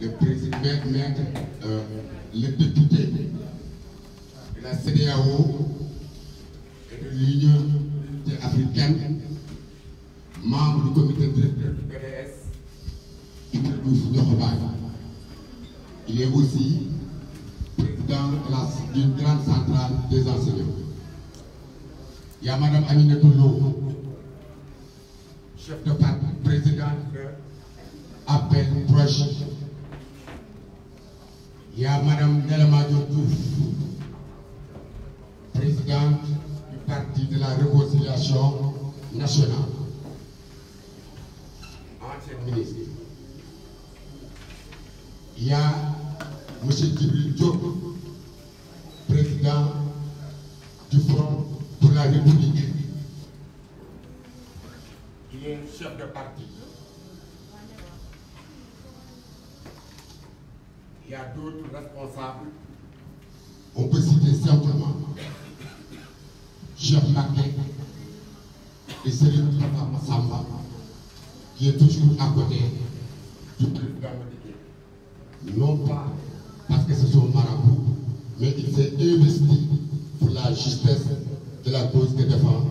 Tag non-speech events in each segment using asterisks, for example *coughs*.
le président maître euh, le député de la CEDEAO et de l'Union africaine membre du comité directeur du PDS Ibra Diouf Niokhobaye il est aussi président de la d'une grande centrale des enseignants il y a madame Aminata Lo chef de parti présidente de Appel Proche Il y a Madame Delamadio Diouf, Parti de la Réconciliation nationale, ancienne ministre. Il y a Monsieur Djibril la République, Il y a d'autres responsables. On peut citer simplement Cheikh Mbacké et Serigne Touba Massamba qui est toujours à côté du président Madické. Non pas parce que ce sont marabouts, mais il s'est investi la justesse de la cause que défend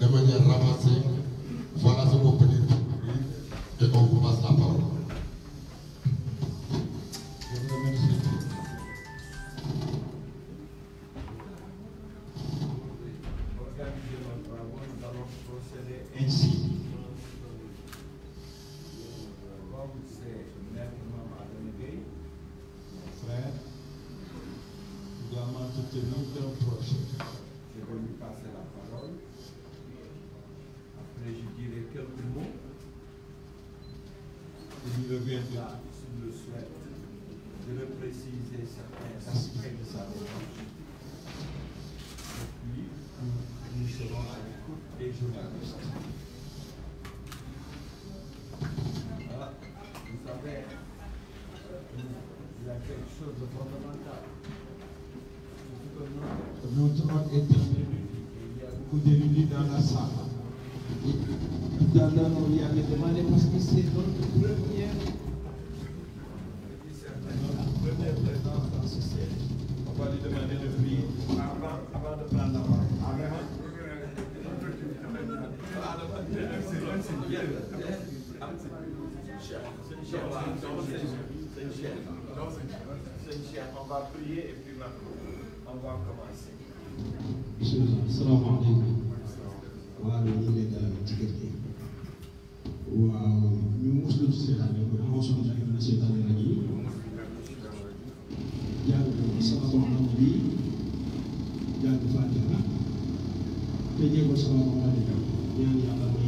de manière ramassée, voilà ce qu'on peut dire. te on vous passe la parole. dans la salle. Dans l'heure où il avait demandé parce que c'est notre première, notre première présence dans ce siège. On va lui demander de prier avant, avant de prendre la parole. Amen. On va prier et puis on va commencer. Salaamaaleykum. waaw ñu ngi lay dalal ci kër gi waaw ñu mos la ci seetaan ne mooy xaw soxna ak na seetaan la ji jàng sama xam-xam bi jàng fàtte na te jéego sama xam-xam ñaan yàlla may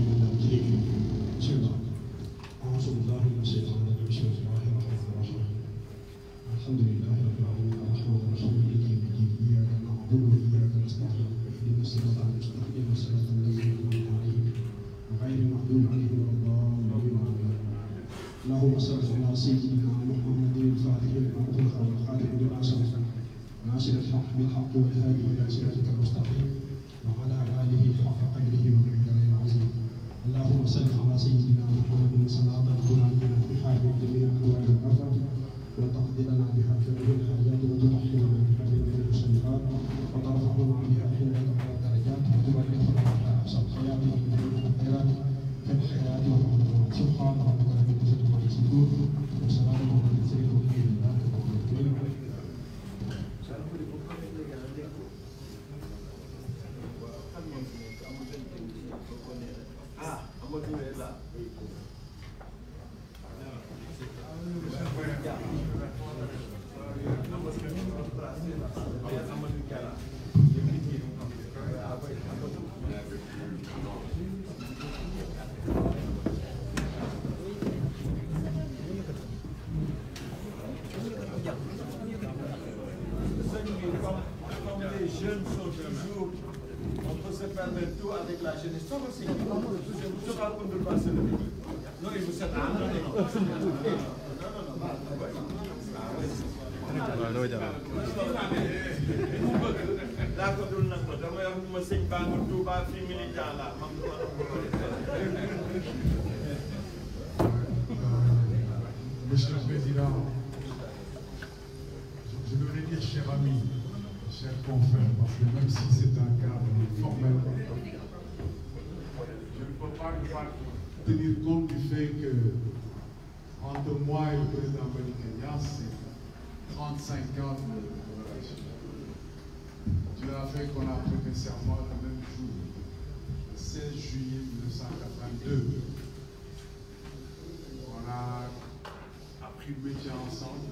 vécu le métier ensemble.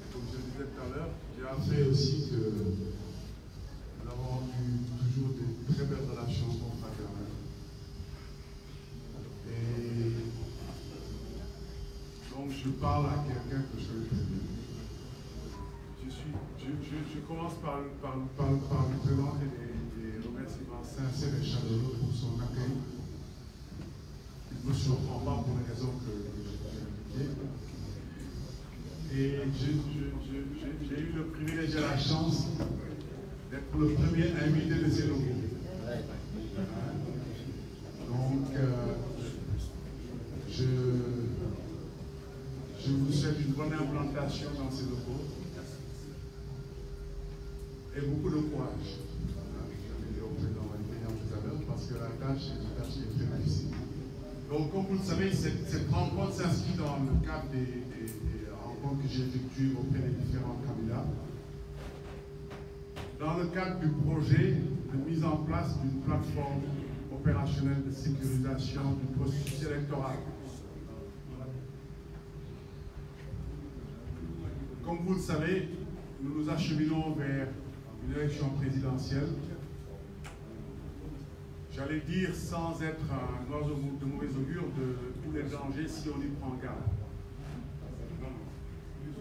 Et comme je le disais tout à l'heure, il a fait aussi que nous avons eu toujours des très belles relations confraternelles. Et donc je parle à quelqu'un que je connais. Je, suis, je, je, je, commence par, par, par, par lui présenter des, des, remerciements sincères et chaleureux pour son accueil. Il ne me surprend pas pour les raisons que j'ai indiquées. Et j'ai eu le privilège et la chance d'être le premier invité de ces locaux. Donc, euh, je, je vous souhaite une bonne implantation dans ces locaux et beaucoup de courage. Parce que la tâche, la tâche est très difficile. Donc, comme vous le savez, cette, cette dans le cadre rencontres que j'effectue auprès des différents candidats. Dans le cadre du projet de mise en place d'une plateforme opérationnelle de sécurisation du processus électoral. Comme vous le savez, nous nous acheminons vers une élection présidentielle. J'allais dire, sans être un oiseau de mauvais augure, de tous les dangers si on y prend garde.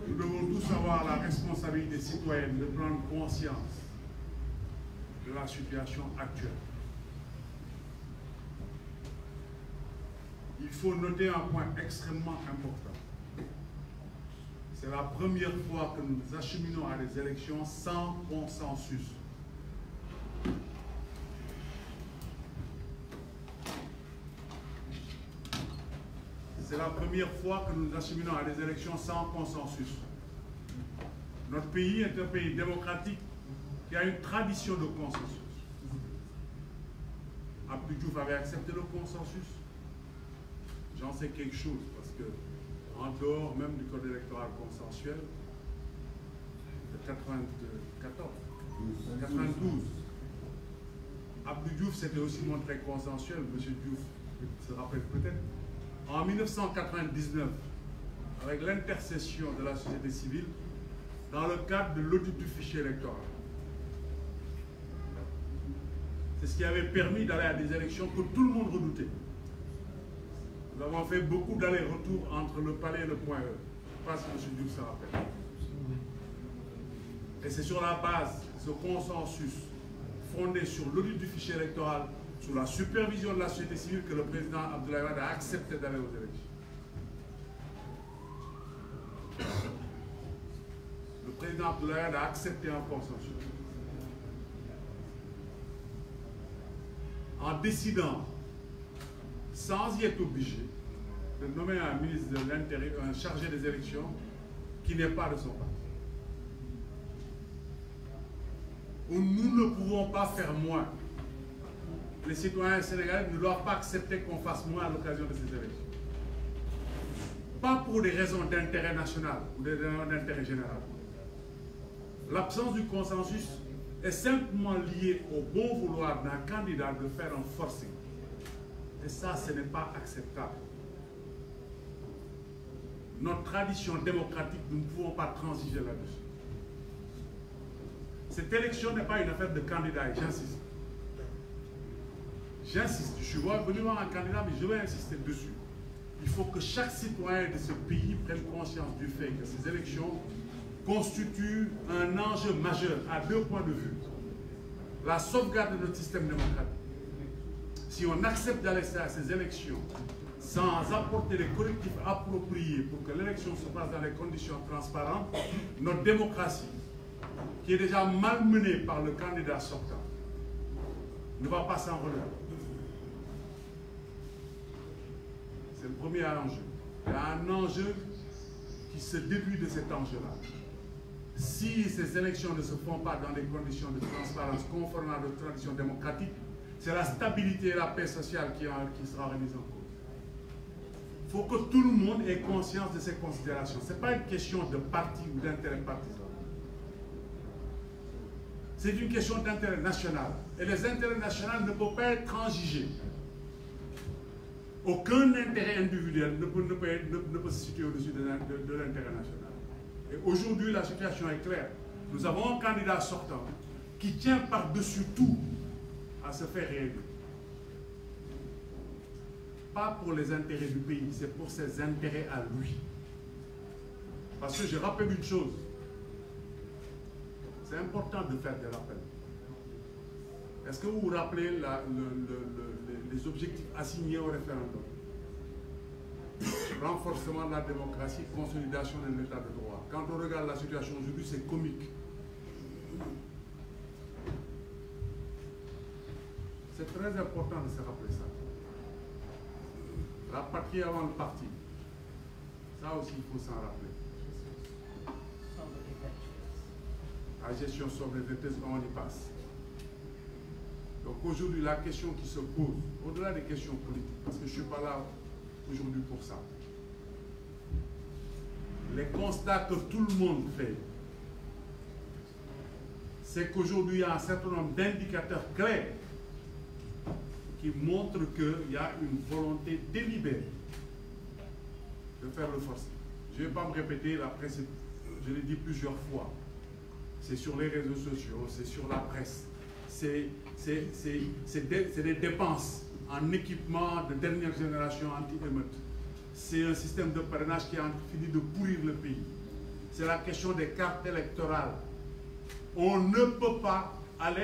nous devons tous avoir la responsabilité citoyenne de prendre conscience de la situation actuelle. Il faut noter un point extrêmement important. C'est la première fois que nous acheminons à des élections sans consensus. c'est la première fois que nous acheminons à des élections sans consensus. Notre pays est un pays démocratique qui a une tradition de consensus. Abdou Diouf avait accepté le consensus. J'en sais quelque chose parce que en dehors même du code électoral consensuel de 94, 92, Diouf s'était aussi montré consensuel. Monsieur Diouf se rappelle peut-être. en 1999 avec l'intercession de la société de l'audit du fichier électoral. C'est ce qui avait permis d'aller à des élections que tout le monde redoutait. Nous avons fait entre le palais le point E. Je ne sais pas si M. Diouf se rappelle. Et c'est sur la base de ce consensus fondé sous la supervision de la société civile, que le président Abdoulaye Wade a accepté d'aller aux élections. Le président Abdoulaye Wade a accepté un consensus. En décidant, sans y être obligé, de nommer un ministre de l'Intérieur, un chargé des élections, qui n'est pas de son parti. Nous ne pouvons pas faire moins. les citoyens sénégalais ne doivent pas accepter qu'on fasse moins à l'occasion de ces élections. Pas pour des raisons d'intérêt national ou des d'intérêt général. L'absence du consensus est simplement liée au bon vouloir d'un candidat de faire un forcing. Et ça, n'est pas acceptable. Notre tradition démocratique, nous ne pouvons pas transiger là-dessus. Cette élection n'est pas une affaire de candidat, j'insiste. j'insiste, je suis venu voir un candidat, mais je vais insister dessus. Il faut que chaque citoyen de ce pays prenne conscience du fait que ces élections constituent un enjeu majeur à deux points de vue. La sauvegarde de notre système démocratique. Si on accepte d'aller à ces élections sans apporter les collectifs appropriés pour que l'élection se passe dans les conditions transparentes, notre démocratie, qui est déjà malmenée par le candidat sortant, ne va C'est le premier enjeu. Il y un enjeu qui se débute de cet enjeu Si ces élections ne se font pas dans des conditions de transparence conformes à notre tradition démocratique, c'est la stabilité et la paix sociale qui, sera remise en cause. Il faut que tout le monde ait conscience de ces considérations. Ce pas une question de parti ou d'intérêt partisan. C'est une question d'intérêt national. Et les intérêts nationaux ne peuvent pas être transigés. aucun intérêt individuel ne peut, ne peut, ne, ne peut se au-dessus de, l'intérêt national. Et aujourd'hui, la situation est claire. Nous avons un candidat sortant qui tient par-dessus tout à se faire réélire. Pas pour les intérêts du pays, c'est pour ses intérêts à lui. Parce que je rappelle une chose. C'est important de faire des rappels. Est-ce que vous rappelez la, le, le les objectifs assignés au référendum. Renforcement de la démocratie, consolidation d'un état de droit. Quand on regarde la situation aujourd'hui, c'est comique. C'est très important de se rappeler ça. La patrie avant le parti. Ça aussi, il faut s'en rappeler. La gestion sobre les on passe. Donc aujourd'hui, la question qui se pose, au-delà des questions politiques, parce que je ne suis pas là aujourd'hui pour ça, les constats que tout le monde fait, c'est qu'aujourd'hui, il y a un certain nombre d'indicateurs clairs qui montrent qu'il y a une volonté délibérée de faire le forcing. Je ne vais pas me répéter, la presse, je l'ai dit plusieurs fois. C'est sur les réseaux sociaux, c'est sur la presse, c'est c'est de, des dépenses en équipement de dernière génération anti-émeute. de parrainage qui a fini le pays. C'est la question des cartes électorales. On ne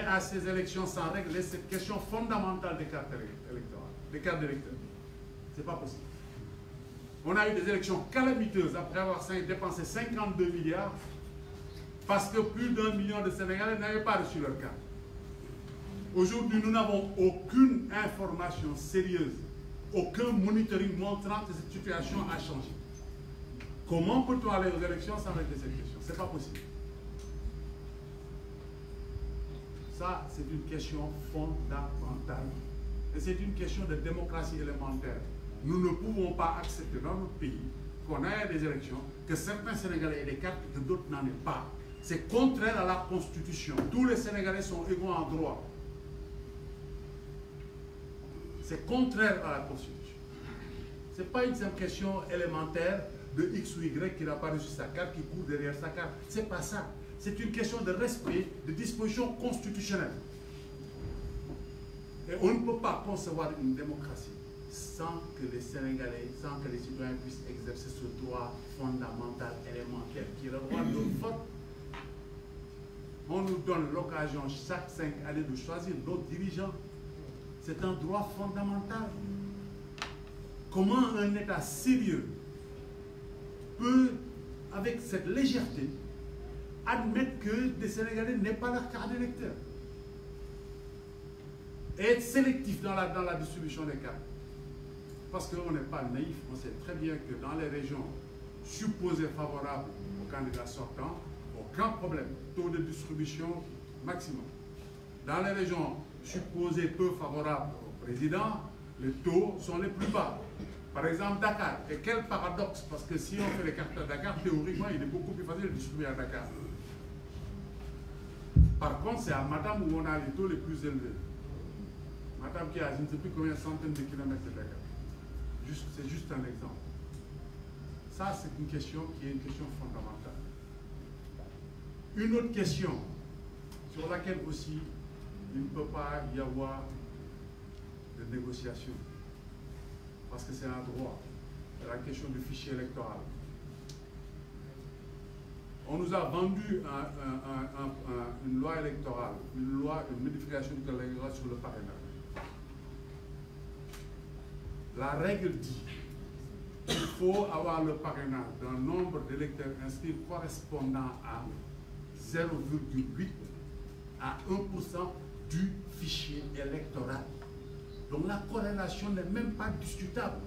à ces élections sans régler cette question fondamentale des cartes électorales, a eu des élections calamiteuses après avoir dépensé 52 que plus d'un million de Sénégalais n'avaient Aujourd'hui, nous n'avons aucune information sérieuse, aucun monitoring montrant que cette situation a changé. Comment peut-on aller aux élections question Ce n'est pas possible. c'est une question fondamentale. Et c'est une question de démocratie élémentaire. Nous ne pouvons pas accepter dans notre pays qu'on des élections, que certains Sénégalais aient des cartes et que d'autres n'en aient pas. C'est contraire à la Constitution. Tous les Sénégalais sont égaux en droit. C'est contraire à la Constitution. Ce pas une question élémentaire de X ou Y qui n'a pas reçu sa carte, qui court derrière sa carte. pas ça. C'est une question de respect de dispositions constitutionnelles. Et on ne peut pas concevoir une démocratie sans que les Sénégalais, sans que les citoyens puissent exercer ce droit fondamental, élémentaire, qui est On nous donne l'occasion chaque cinq années de choisir nos dirigeants C'est un droit fondamental. Comment un État sérieux peut, avec cette légèreté, admettre que des Sénégalais n'aient pas leur carte et être sélectif dans la, dans la distribution des cartes Parce qu'on n'est pas naïf, on sait très bien que dans les régions supposées favorables aux candidats sortants, aucun problème, taux de distribution maximum. Dans les régions supposés peu favorables au président, les taux sont les plus bas. Par exemple, Dakar. Et quel paradoxe, parce que si on fait les cartes Dakar, théoriquement, il est beaucoup plus de distribuer à Dakar. Par contre, c'est à Madame où on a les taux les plus élevés. Madame qui a je ne sais plus combien centaines de kilomètres de Dakar. C'est juste un exemple. c'est une question fondamentale. Une autre question sur laquelle aussi il ne peut pas y avoir de négociation parce que c'est un droit. La question du fichier électoral. On nous a vendu une loi électorale, une loi de modification du code électoral sur le parrainage. La règle dit qu'il faut avoir le parrainage d'un nombre d'électeurs inscrits correspondant à à du fichier électoral. Donc la corrélation n'est même pas discutable.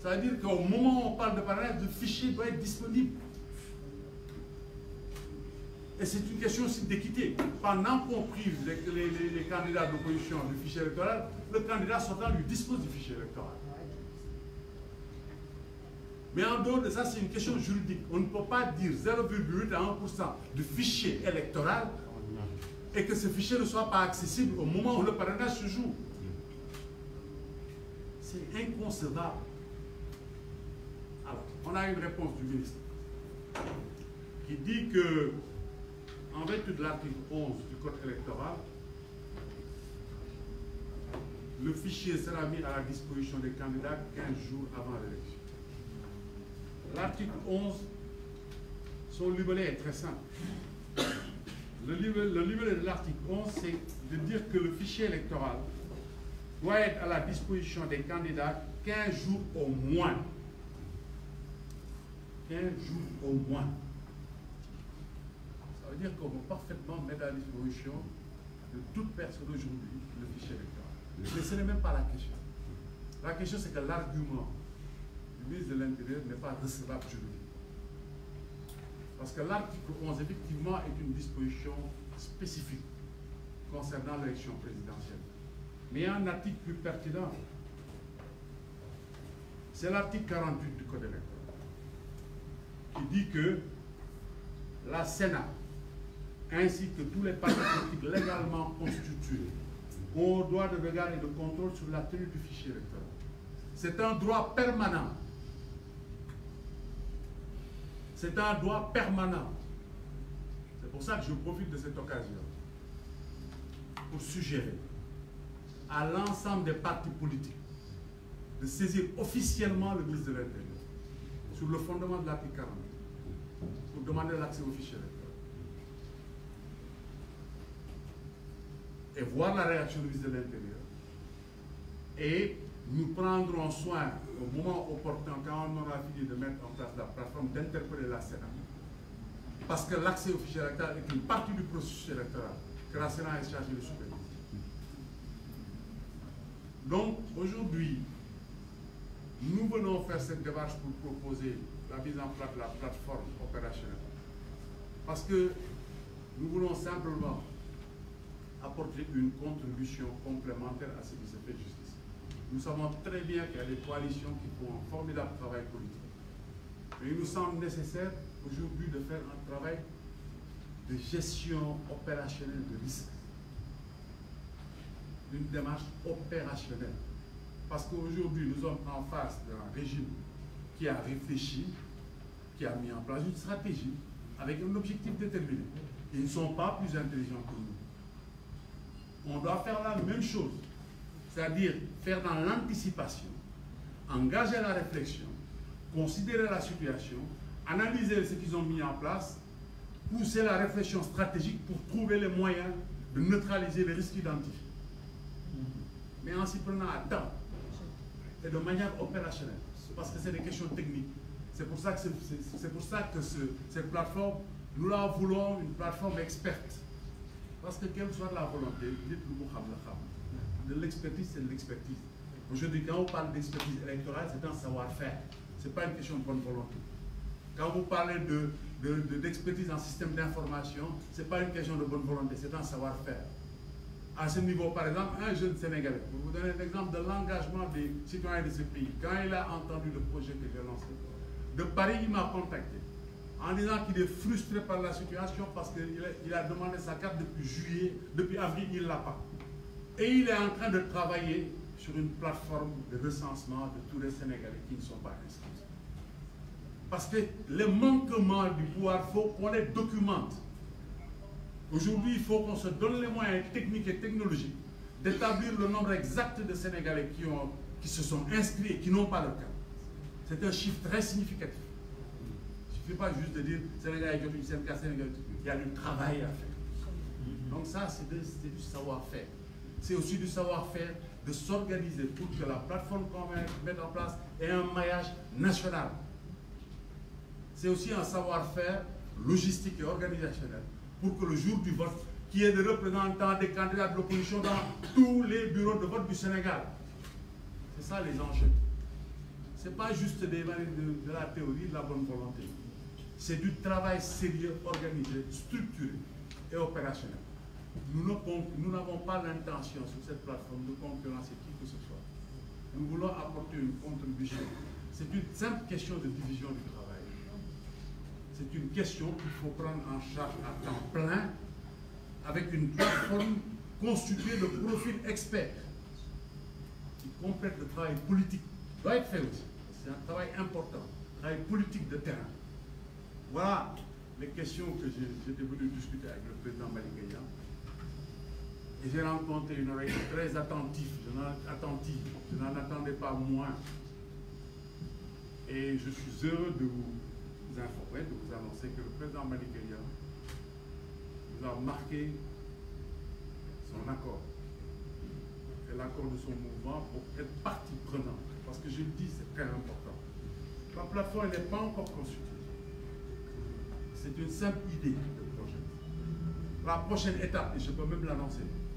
C'est-à-dire qu'au moment où on parle de parrainage, le fichier doit être disponible. Et c'est une question aussi d'équité. Pendant qu'on prive les, candidats d'opposition du fichier électoral, le candidat sortant lui dispose du fichier électoral. Mais en dehors de ça, c'est une question juridique. On ne peut pas dire du fichier électoral et que ce fichier ne soit pas accessible au moment où le parrainage se joue. C'est inconcevable. Alors, on a une réponse du ministre qui dit que, en vertu de l'article 11 du Code électoral, le fichier sera mis à la disposition des candidats 15 jours avant l'élection. L'article 11, son libellé est très simple. le libellé le libellé de l'article 11, c'est de dire que le fichier électoral doit être à la disposition des candidats 15 jours au moins. 15 jours au moins. Ça veut dire qu'on peut parfaitement mettre à la disposition de toute personne aujourd'hui le fichier électoral. Mais ce n'est pas la question. La question, c'est que l'argument de l'Intérieur n'est pas recevable juridiquement. Parce que l'article 11, effectivement, est une disposition spécifique concernant l'élection présidentielle. Mais il y a un article plus pertinent. C'est l'article 48 du la Sénat, ainsi que les partis politiques légalement constitués, ont droit de regard et de C'est un droit permanent. C'est pour ça que je profite de cette occasion pour suggérer à l'ensemble des partis politiques de saisir officiellement le ministre de l'Intérieur sur le fondement de l'article 40 pour demander l'accès au Et voir la réaction du de l'Intérieur. Et nous prendrons soin au moment opportun, quand on aura fini de mettre en place la plateforme, d'interpeller la Sénat. Parce que l'accès au fichier électoral est une partie du processus électoral que la Sénat est chargée de soutenir. Donc, aujourd'hui, nous venons faire cette démarche pour proposer la mise en place de la plateforme opérationnelle. Parce que nous voulons simplement apporter une contribution complémentaire à ce qui se fait Nous savons très bien qu'il y a des coalitions qui font un formidable travail politique. Mais il nous semble nécessaire aujourd'hui de faire un travail de gestion opérationnelle de risque. Une démarche opérationnelle. Parce qu'aujourd'hui, nous sommes en face d'un régime qui a réfléchi, qui a mis en place une stratégie avec un objectif déterminé. Ils ne sont pas plus intelligents que nous. On doit faire la même chose c'est-à-dire faire dans l'anticipation, engager la réflexion, considérer la situation, analyser ce qu'ils ont mis en place, pousser la réflexion stratégique pour trouver les moyens de neutraliser les risques identifiés. Mais en s'y prenant à temps et de manière opérationnelle, parce que c'est des questions techniques. C'est pour ça que, cette plateforme, nous la voulons une plateforme experte. Parce que quelle soit la volonté, dites-nous de l'expertise, c'est de l'expertise. Aujourd'hui, quand on parle d'expertise électorale, c'est un savoir-faire. Ce pas une question de bonne volonté. Quand vous parlez de, de, en système d'information, ce pas une question de bonne volonté, c'est un savoir-faire. À ce niveau, par exemple, un jeune Sénégalais, pour vous donner l'exemple de l'engagement des citoyens de ce pays, quand il a entendu le projet que j'ai lancé, de Paris, il m'a contacté en disant qu'il est frustré parce qu'il a, l'a Et il est en train de travailler sur une plateforme de recensement de tous les Sénégalais qui ne sont pas inscrits. Parce que les manquements du pouvoir, il faut qu'on les documente. Aujourd'hui, il faut qu'on se donne les moyens techniques et technologiques d'établir le nombre exact de Sénégalais qui, se sont inscrits et qui n'ont pas le cas. C'est un chiffre très significatif. Il ne suffit pas juste de dire Sénégalais, Sénégalais, il a du travail à faire. Donc ça, c'est aussi du savoir-faire de s'organiser pour que la plateforme qu'on va en place ait un maillage national. C'est aussi un savoir-faire logistique et organisationnel pour que le jour du vote, qu'il y ait des des candidats de l'opposition dans tous les bureaux de vote du Sénégal. C'est ça les enjeux. Ce pas juste des, de, de la théorie, de la bonne volonté. C'est du travail sérieux, organisé, structuré et opérationnel. Nous n'avons pas l'intention sur cette plateforme de concurrencer qui que ce soit. Nous voulons apporter une contribution. C'est une simple question de division du travail. C'est une question qu'il faut prendre en charge à temps plein avec une plateforme constituée de profils experts qui complète le travail politique. Ça doit être fait aussi. C'est un travail important, un travail politique de terrain. Voilà les questions que j'étais venu discuter avec Et j'ai rencontré une oreille très attentive, attentive. Je pas moins. Et je suis heureux de vous informer, de vous annoncer que le président Malikelia nous a marqué son accord et l'accord de son mouvement pour être partie prenante. Parce que je le dis, c'est très important. La plateforme n'est pas encore consultée. C'est une simple idée de projet. La prochaine étape, et je peux même l'annoncer,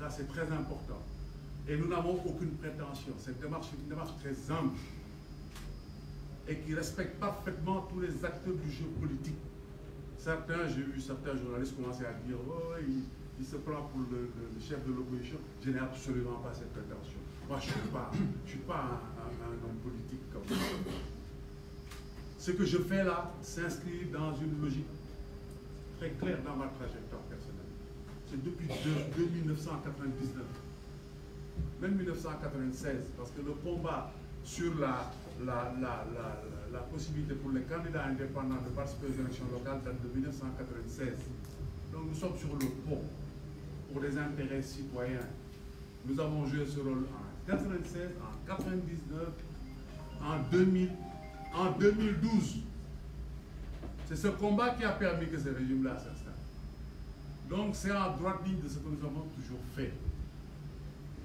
Ça, c'est très important. Et nous n'avons aucune prétention. Cette démarche est une démarche très humble et qui respecte parfaitement tous les acteurs du jeu politique. Certains, j'ai vu certains journalistes commencer à dire oh, il, se prend pour le, chef de l'opposition. Je n'ai absolument pas cette prétention. Moi, je suis pas, un, homme politique comme Ce que je fais là s'inscrit dans une logique très claire dans ma trajectoire. c'est depuis deux, 1999. Même 1996, parce que le combat sur la, la, la, la possibilité pour les candidats indépendants de participer le pont pour les intérêts citoyens. Nous avons joué ce rôle en 1996, en en 2000, en 2012. C'est ce combat qui Donc c'est en droite ligne de ce que nous avons toujours fait.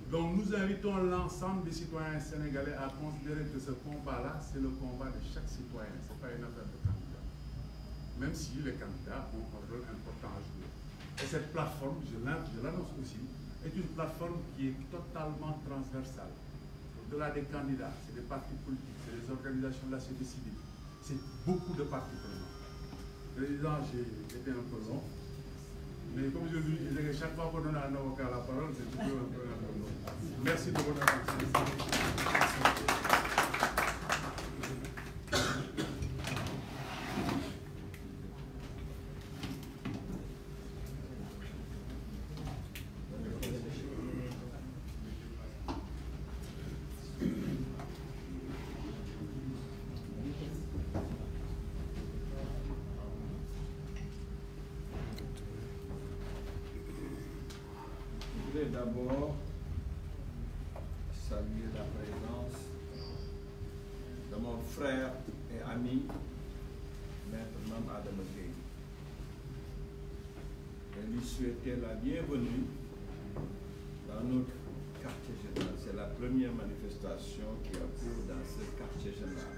Donc nous invitons l'ensemble des citoyens sénégalais à considérer que ce combat-là, c'est le combat de chaque citoyen, ce pas une affaire de candidat. Même si les candidats ont un important à jouer. Et cette plateforme, je l'annonce aussi, est une plateforme qui est totalement transversale. Au-delà des candidats, c'est des partis politiques, c'est des organisations la société civile, c'est beaucoup Mais comme je lui disais, chaque fois qu'on donne à un avocat la parole, c'est toujours un programme. Merci de d'abord saluer la présence de mon frère et ami, Maître Mam Adam Gueye. Et lui souhaiter la bienvenue dans notre quartier général. C'est la première manifestation qui a cours dans ce quartier général.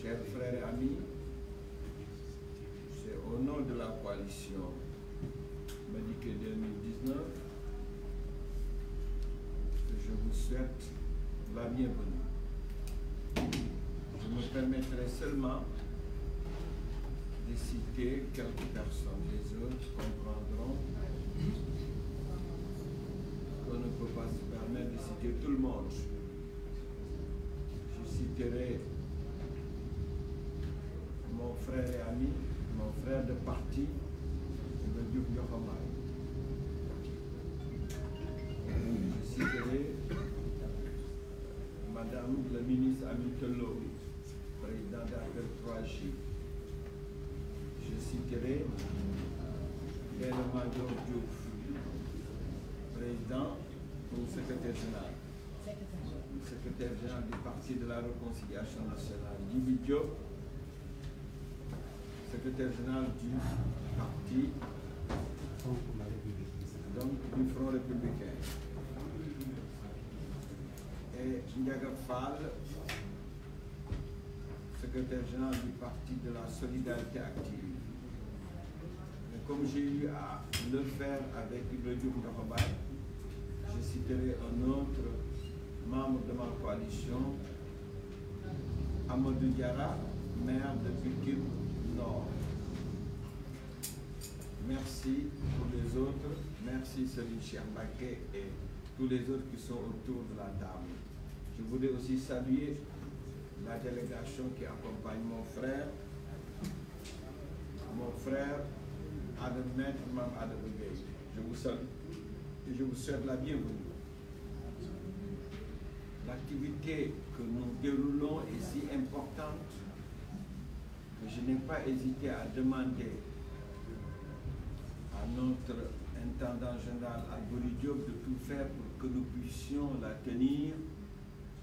Chers frères et amis, c'est au nom de la coalition juillet 2019. Je vous souhaite la bienvenue. Je me permettrai seulement de citer quelques personnes. Les autres comprendront qu'on ne peut pas se permettre de citer tout le monde. Je citerai mon frère et ami, mon frère de parti, le Duc Yohamar. Madame la ministre Aminata Lô présidente d'Appel 3G je citerai Ndella Madior Diouf président ou secrétaire secrétaire général du parti de la réconciliation nationale Djibi Diop secrétaire général du parti donc du Front républicain Ndiaga Fall secrétaire général du parti de la solidarité active mais comme j'ai eu à le faire avec Ibrahima Diouf Ndakha Baye je citerai un autre membre de ma coalition Amadou Diarra de Pikine Nord merci pour les autres merci Serigne Cheikh et tous les autres qui sont autour de la table Je voudrais aussi saluer la délégation qui accompagne mon frère, mon frère Adam Maître, Mme Je vous salue je vous souhaite la bienvenue. L'activité que nous déroulons est si importante que je n'ai pas hésité à demander à notre intendant général Albori de tout faire que nous puissions la tenir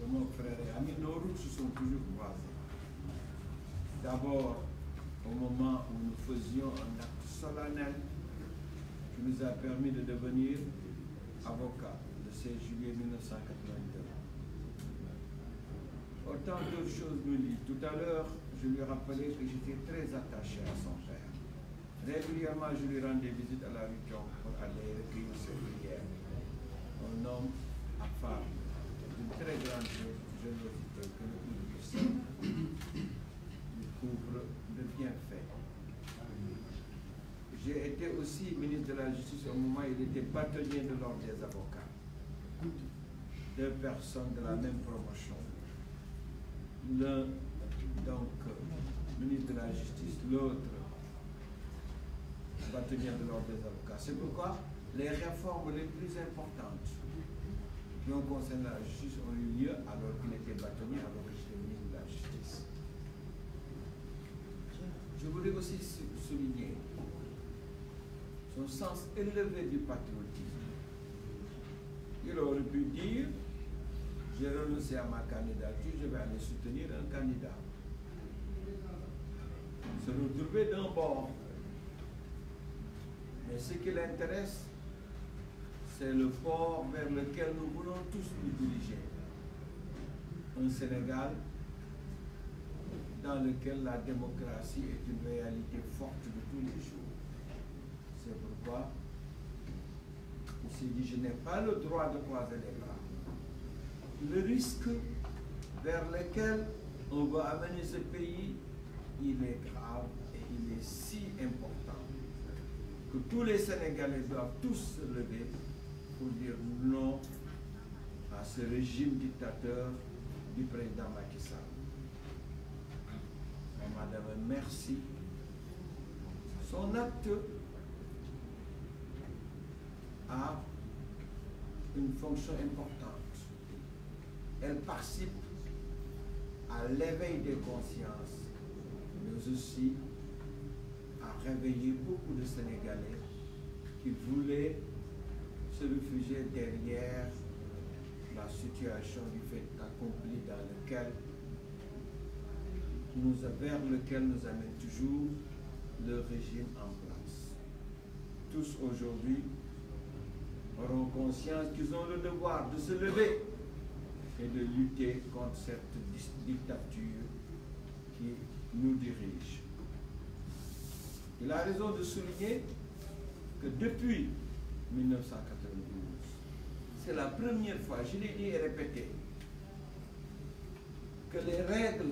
de mon frère et ami, nos routes se sont un acte solennel qui nous a permis de devenir avocats le 16 juillet 1982. Autant d'autres choses nous lient. Tout à l'heure, je lui que j'étais très attaché à son père. Régulièrement, je lui à la rue pour aller recueillir ses prières. une très grande générosité que le universel couvre J'ai été aussi ministre de la Justice au moment il était bâtonnier de l'ordre des avocats. Deux personnes de la même promotion. L'un, donc, ministre de la Justice, l'autre, bâtonnier de l'ordre des avocats. C'est pourquoi les réformes les plus importantes qui ont concerné la justice ont eu lieu alors qu'il était bâtonnier, alors que j'étais ministre la Justice. Je voudrais aussi souligner son sens élevé du patriotisme. Il aurait pu dire, j'ai renoncé à ma candidature, je vais aller soutenir un candidat. Se retrouver d'un bord. Mais ce qui l'intéresse, c'est le port vers lequel nous voulons tous nous Un Sénégal dans lequel la démocratie est une réalité forte de tous les jours. C'est pourquoi on je n'ai pas le droit de croiser les bras. Le risque vers lequel on va amener ce pays, il est grave et il est si important que tous les Sénégalais doivent tous lever pour dire non à ce régime dictateur du président Macky Sall. Mais madame, merci. Son acte a une fonction importante. Elle participe à l'éveil des consciences, mais aussi à réveiller beaucoup de Sénégalais qui voulaient se réfugier derrière la situation du fait accompli dans lequel nous, vers lequel nous amène toujours le régime en place. Tous aujourd'hui auront conscience qu'ils ont le devoir de se lever et de lutter contre cette dictature qui nous dirige. Il a raison de souligner que depuis c'est la première fois, je l'ai dit et répété, que les règles,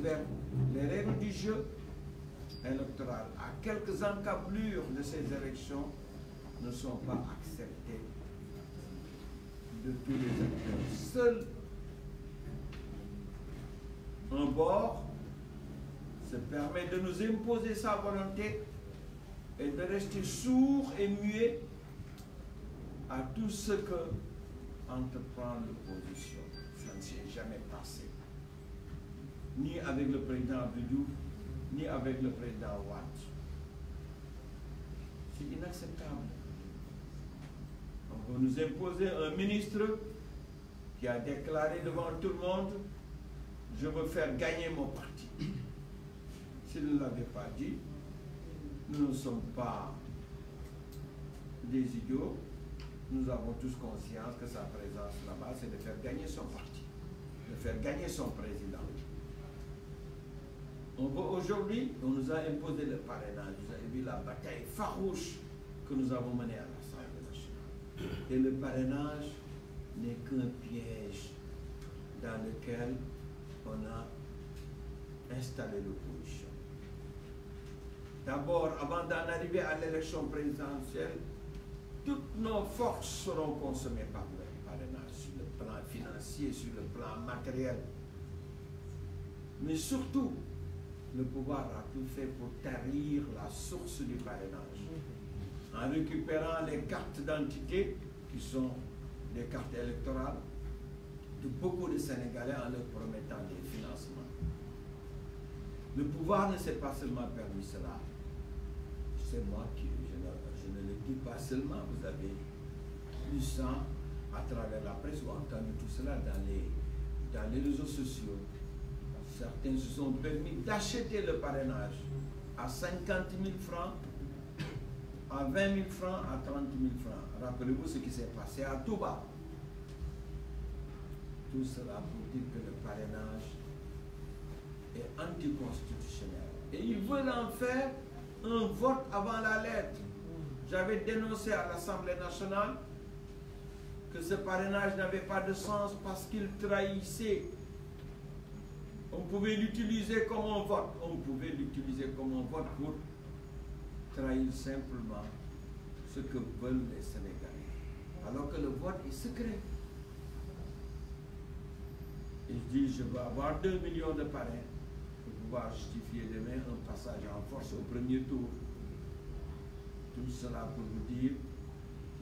les règles du jeu électoral, à quelques encablures de ces élections, ne sont pas acceptées de tous les acteurs. Seul un bord se permet de nous imposer sa volonté et de rester sourd et muet à tout ce que entreprendre l'opposition. Ça ne s'est jamais passé. Ni avec le président Abdou, ni avec le président Ouad. C'est inacceptable. Donc on nous un ministre qui a déclaré devant tout le monde je veux faire gagner mon parti. S'il ne l'avait pas dit, nous ne sommes pas nous avons tous conscience que sa présence là c'est de faire gagner son parti, de faire gagner son président. aujourd'hui, on nous a imposé le parrainage. Vous la bataille farouche que nous avons menée à l'Assemblée nationale. Et le parrainage n'est qu'un piège dans lequel on a installé l'opposition. D'abord, avant d'en arriver à l'élection présidentielle, toutes nos forces seront consommées par le parrainage, sur le plan financier, sur le plan matériel. Mais surtout, le pouvoir a tout fait pour tarir la source du parrainage mm-hmm. en récupérant les cartes d'identité qui sont des cartes électorales de beaucoup de Sénégalais en leur promettant des financements. Le pouvoir ne s'est pas seulement permis cela, c'est moi pa seulement, vous avez lu ça à travers la presse ou entendu tout cela dans les, dans les réseaux sociaux. Certains se sont permis d'acheter le parrainage à 50 000 francs, à 20 000 francs, à 30 000 francs. Rappelez-vous ce à Touba. Tout cela pour dire que le parrainage est anticonstitutionnel. Et ils veulent en faire un la lettre. J'avais dénoncé à l'Assemblée nationale que ce parrainage n'avait pas de sens parce qu'il trahissait. On pouvait l'utiliser comme un vote. On pouvait l'utiliser comme un vote pour trahir simplement ce que veulent les Sénégalais. Alors que le vote est secret. Il dit, je vais avoir 2 millions de parrains pour pouvoir justifier demain un passage en force au premier tour. tout cela pour vous dire,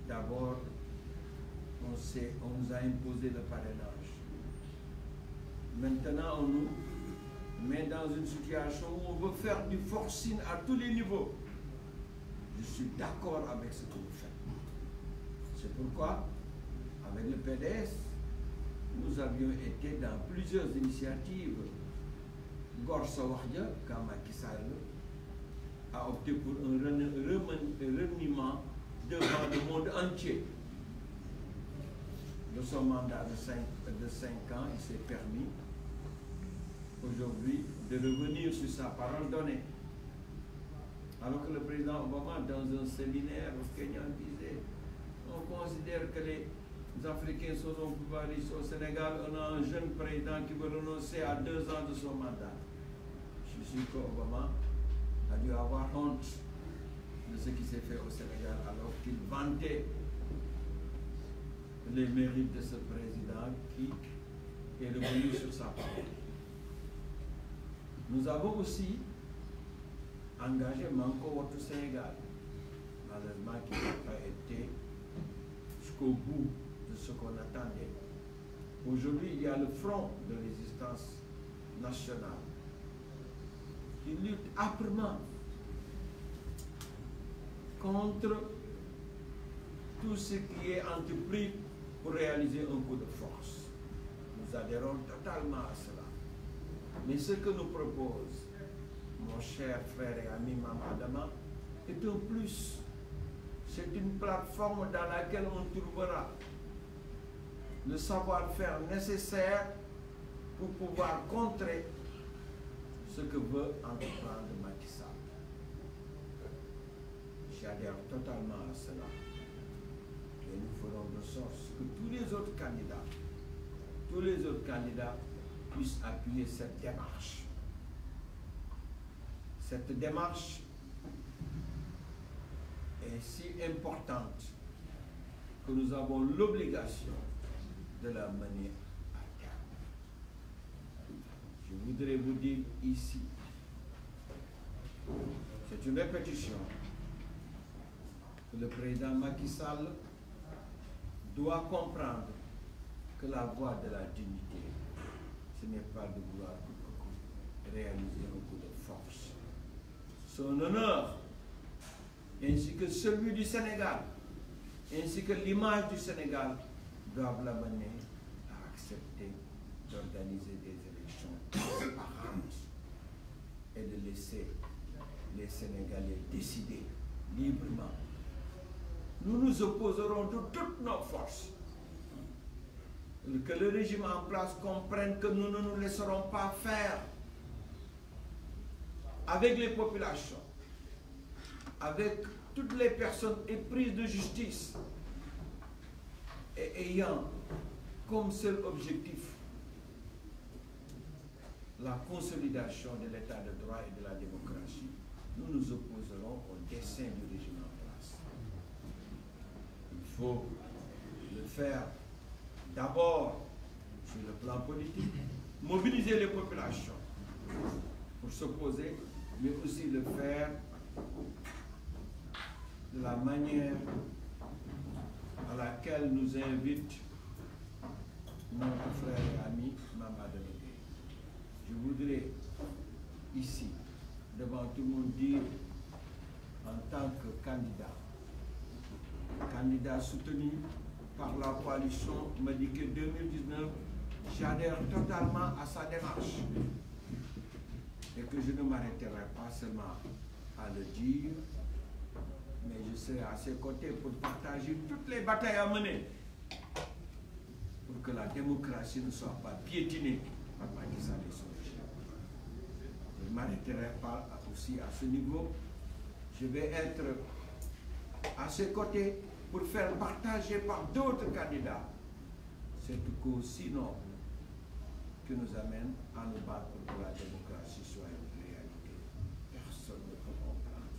d'abord, on, on nous a imposé le parrainage. Maintenant, on nous met dans une situation on veut faire du forcing à tous les niveaux. Je suis d'accord avec ce que vous C'est pourquoi, avec le PDS, nous avions été dans plusieurs initiatives. Gorsa Wahdia, quand Macky Sall a opté pour un remaniement devant le monde entier. De son mandat de 5, il s'est permis aujourd'hui de revenir sur sa parole donnée. Alors le président Obama, dans un séminaire au Kenya, disait on considère que les Africains sont au pouvoir au Sénégal, on a un jeune président qui veut renoncer à deux ans de son mandat. Je suis qu'Obama a dû avoir honte de ce qui s'est fait au Sénégal alors qu'il vantait les mérites de ce président qui est revenu sur sa parole. Nous avons aussi engagé Manko Wattu Sénégal, malheureusement qui n'a pas été jusqu'au bout de ce qu'on attendait. Aujourd'hui, il y a le front de résistance nationale qui lutte âprement contre tout ce qui est entrepris pour réaliser un coup de Nous adhérons totalement à cela. Mais ce que nous propose mon cher frère et ami Mamadama est un plus. C'est une plateforme dans laquelle on trouvera le savoir-faire nécessaire pour pouvoir contrer ce que veut entreprendre Macky J'adhère totalement à cela. Et nous ferons de sorte que tous les autres candidats, tous les autres candidats puissent appuyer cette démarche. Cette démarche est si importante que nous avons l'obligation de la mener je voudrais vous dire ici, c'est une répétition, que le président Macky Sall doit comprendre que la voie de la dignité, ce n'est pas de vouloir réaliser un coup de force. Son honneur, ainsi que celui du Sénégal, ainsi que l'image du Sénégal, doivent l'amener à accepter d'organiser des à et de laisser les Sénégalais décider librement. Nous nous opposerons de toutes nos forces. Que le régime en place comprenne que nous ne nous laisserons pas faire avec les populations, avec toutes les personnes éprises de justice et ayant comme seul objectif la consolidation de l'état de droit et de la démocratie, nous nous opposerons au dessein du régime en Il faut le faire d'abord sur le plan politique, mobiliser les populations pour s'opposer, mais aussi le faire la manière à laquelle nous invite notre frère et ami Mamadou. Je voudrais ici, devant tout le monde, en tant que candidat, soutenu par la coalition Madické 2019, j'adhère totalement à sa démarche et que je ne m'arrêterai pas seulement à le dire, mais je serai à ses côtés pour partager toutes les batailles à mener pour que la démocratie ne soit pas piétinée par Macky Sall m'arrêterai pas aussi à ce niveau. Je vais être à ses côtés pour faire partager par d'autres candidats cette cause si noble qui nous amène à nous battre pour la démocratie soit une réalité. Personne ne peut comprendre.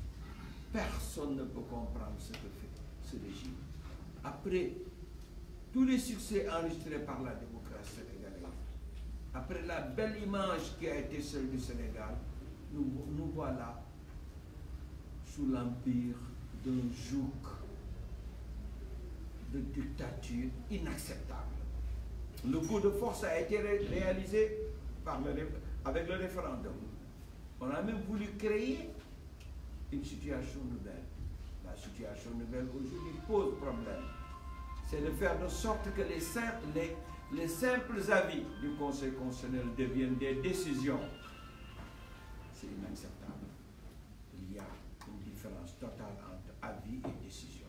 Personne ne peut comprendre ce que fait ce régime. Après tous les succès enregistrés par la démocratie Après la belle image qui a été celle du Sénégal, nous, voilà sous l'empire d'un joug de dictature inacceptable. Le coup de force a été réalisé par le référendum. On a même voulu créer une situation nouvelle. La situation nouvelle aujourd'hui pose problème. C'est de faire de sorte que les, les les simples avis du Conseil constitutionnel deviennent des décisions, c'est inacceptable. Il y a une différence totale entre avis et décision.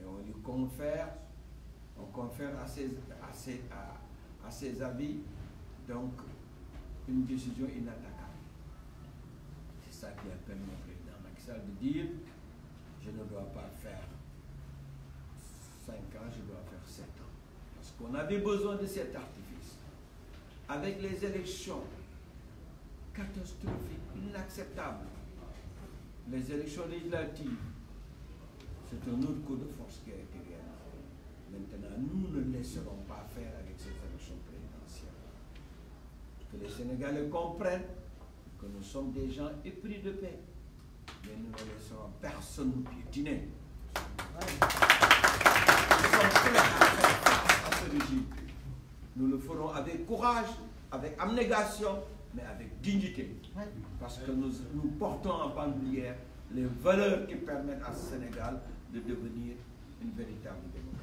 Et on lui confère, on confère à ces, à ces, à, à ces avis donc une décision inattaquable. C'est ça qui appelle mon président Macky Sall dire je ne dois pas faire 5 ans, qu'on avait besoin de cet artifice, avec les élections catastrophiques, inacceptables, les élections législatives, c'est un autre coup de force qui a été réalisé. Maintenant, nous ne laisserons pas faire avec ces élections présidentielles. Que les Sénégalais comprennent que nous sommes des gens épris de paix, mais nous ne laisserons personne nous piétiner. Ouais. Nous sommes prêts stratégie. Nous le ferons avec courage, avec abnégation, mais avec dignité. Parce que nous, nous portons en bandoulière les valeurs qui permettent à ce Sénégal de devenir une véritable démocratie.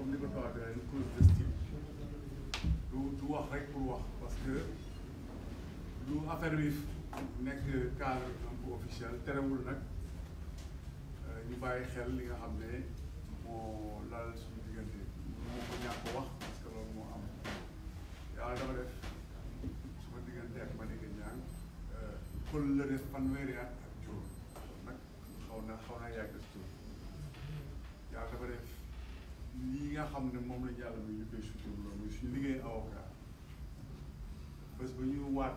comme ni ko tubaab bi wax rek pour wax parce que lu affaire bi nekk cadre am ko terewul nag euh, ñu bàyyi xel suñu liggéey avocat parce que ñu waat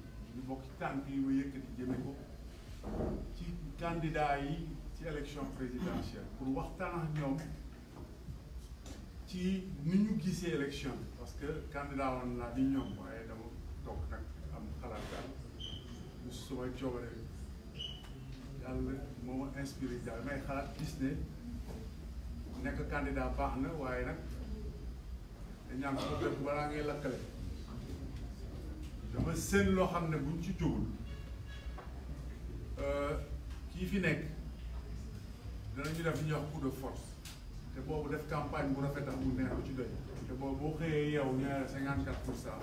ñu bokk ci tànk yi ma yëkkati jëme ko ci candidat yi ci élection présidentielle pour waxtaan ak ñoom ci ni ñu gisee élection bi parce que candidat woon naa ni ñoom waaye dama toog nag am xalaat daal su suma coobare yàlla moo ma inspiré daal may xalaat gis ne nekk candidat baax na waaye nag dañu am problème balaa ngay lakkale dama seen loo xam ne buñ ci jógul euh, kii fi nekk danañu def ñuy wax coup force te boobu def campagne bu rafet ak bu neex ci doy te boobu boo xëyee yow ñu ne cinquante quatre pour cent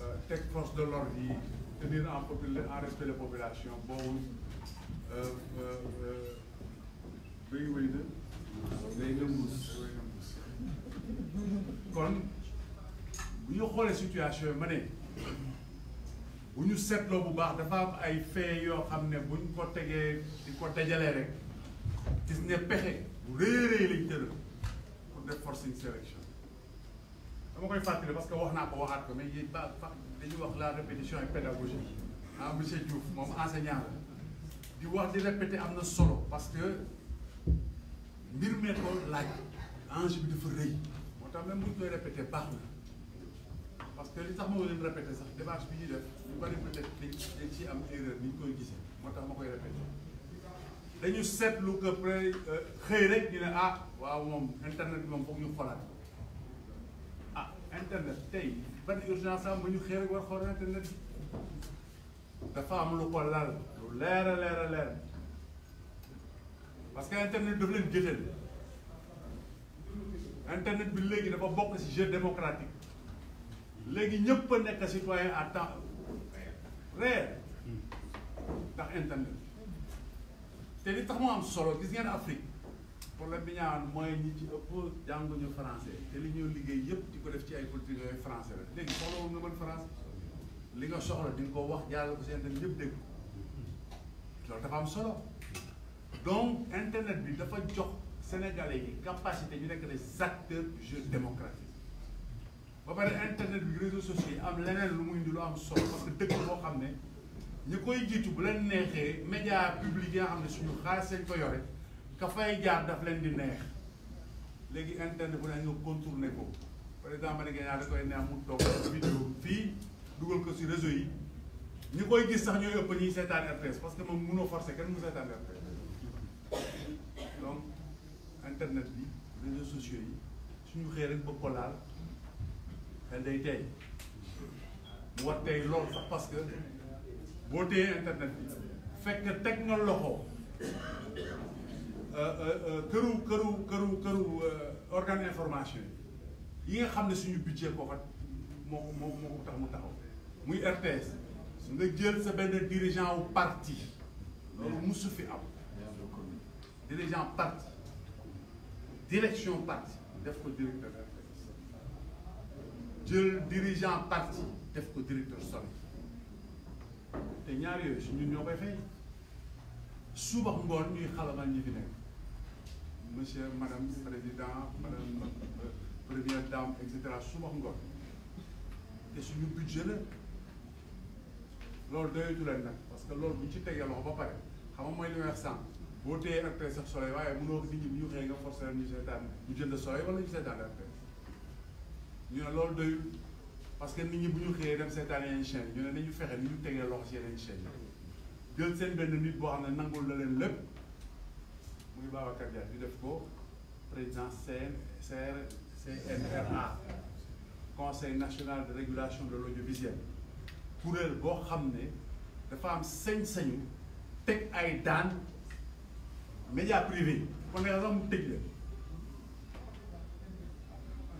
euh, teg force de l'ordre yi tenir en popula en respect les populations boobu euh, béy wéy na. béy kon. bu ñu xoolee situation yi ma ne bu ñu seetloo bu baax dafa ay fee yoo xam ne buñ ko tegee di ko dajalee rek gis ne pexe bu réeréy lañ tëral pour def forcing sélection dama koy fàttali parce que wax naa ko waxaat ko mais yi ba dañuy wax la répétition et pédagogie ah monsieur Diouf moom enseignant di wax di répéter am na solo parce que mbir mee ko laaj enjeu bi dafa rëy moo tax même bu ñu koy baax na parce que li tax moo leen répété sax démarche bi ñuy def ñu bari peut-être dañ dañ am erreur ni ñu koy gisee moo tax ma koy répété dañu seetlu que pré euh, xëy rek ñu ne ah moom internet bi moom foog ñu xoolaat ah internet tey ban urgence am ba ñu xëy rek war xool internet bi lu ko lal lu leer a leer que internet daf leen jëteel internet bi léegi dafa bokk ci jeu démocratique léegi ñëpp a nekk citoyen à temps réel ndax internet te li tax moo am solo gis ngeen Afrique problème bi ñaan mooy ñi ci ëpp jànguñu français te li ñoo liggéey yëpp di ko def ci ay politique yooyu français la léegi soxla woon nga mën français li nga soxla di nga ko wax jaarale ko si internet ñëpp dégg loolu dafa am solo donc internet bi dafa jox sénégalais yi capacité ñu nekk des acteurs du jeu ba pare internet bi réseaux sociaux yi am leneen lu muy indi lu am solo parce que dëkk boo xam ne ñi koy jiitu bu leen neexee média public yi nga xam ne suñu xaalis lañ ko yore ka jaar daf leen di neex léegi internet bu ne nga contourné ko par exemple ne nga da koy neex mu toog vidéo fii dugal ko si réseau yi ñi koy gis sax ñooy ëpp ñuy seetaan RTS parce que moom mënoo forcé kenn mu seetaan RTS donc internet bi réseaux sociaux yi suñu xëy rek bëgg dañ day tey mu war tey lool sax parce que boo téyee internet bi fekk teg nga loxo euh, euh, euh, këru këru këru këru organe information yi yi nga xam ne suñu budget ko fat moo moo moo ko tax mu taxaw muy RTS su nga jël sa benn dirigeant wu parti loolu musu am dirigeant parti direction parti def ko directeur jël dirigeant parti def ko directeur SONE te ñaar yooyu su ñun ñoo koy fay suba ngoon ñuy xalamal ñi fi nekk monsieur madame président madame euh, première dame et cetera suba ngoon te suñu budget la loolu doyatu leen nag parce que loolu bu ñu ci tegee loxo ba pare xam nga mooy li may wax sànq boo téyee RTS sax soleil waaye mënoo ko nit ñi bu ñu xëyee nga forcer ñu seetaan ñu jënd soleil wala ñu seetaan RTS ñu ne loolu doyul parce que nit ñi bu ñu xëyee dem seetaan yeneen chaîne ñu ne nañu fexe ni ñu tegee loxo si yeneen chaîne jël seen benn nit boo xam ne nangul la leen lépp muy Babacar Dia ñu def ko président CN CR CNRA conseil national de régulation de l'audiovisuel kuréel boo xam ne dafa am sañ-sañu teg ay daan média privé kon ne sax mu tëj la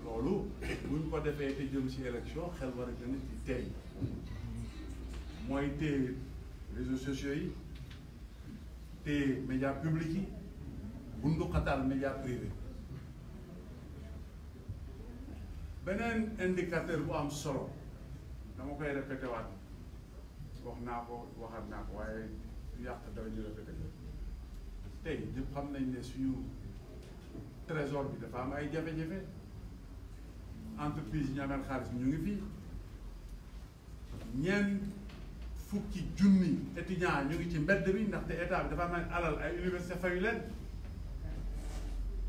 loolu muñ ko defee te jëm si élection xel war a gën a ci tey mooy téye réseaux sociaux yi téye média public yi bundu xataal média privé beneen indicateur bu am solo dama koy répété waat wax naa ko waxaat naa ko waaye yàq dara ñu répété tey ñëpp xam nañ ne suñu trésor bi dafa am ay jafe-jafe entreprise yi ñu ameel xaalis ñu ngi fi ñeent fukki junni étudiants ñu ngi ci mbedd bi ndaxte état bi dafa am alal ay université fayu leen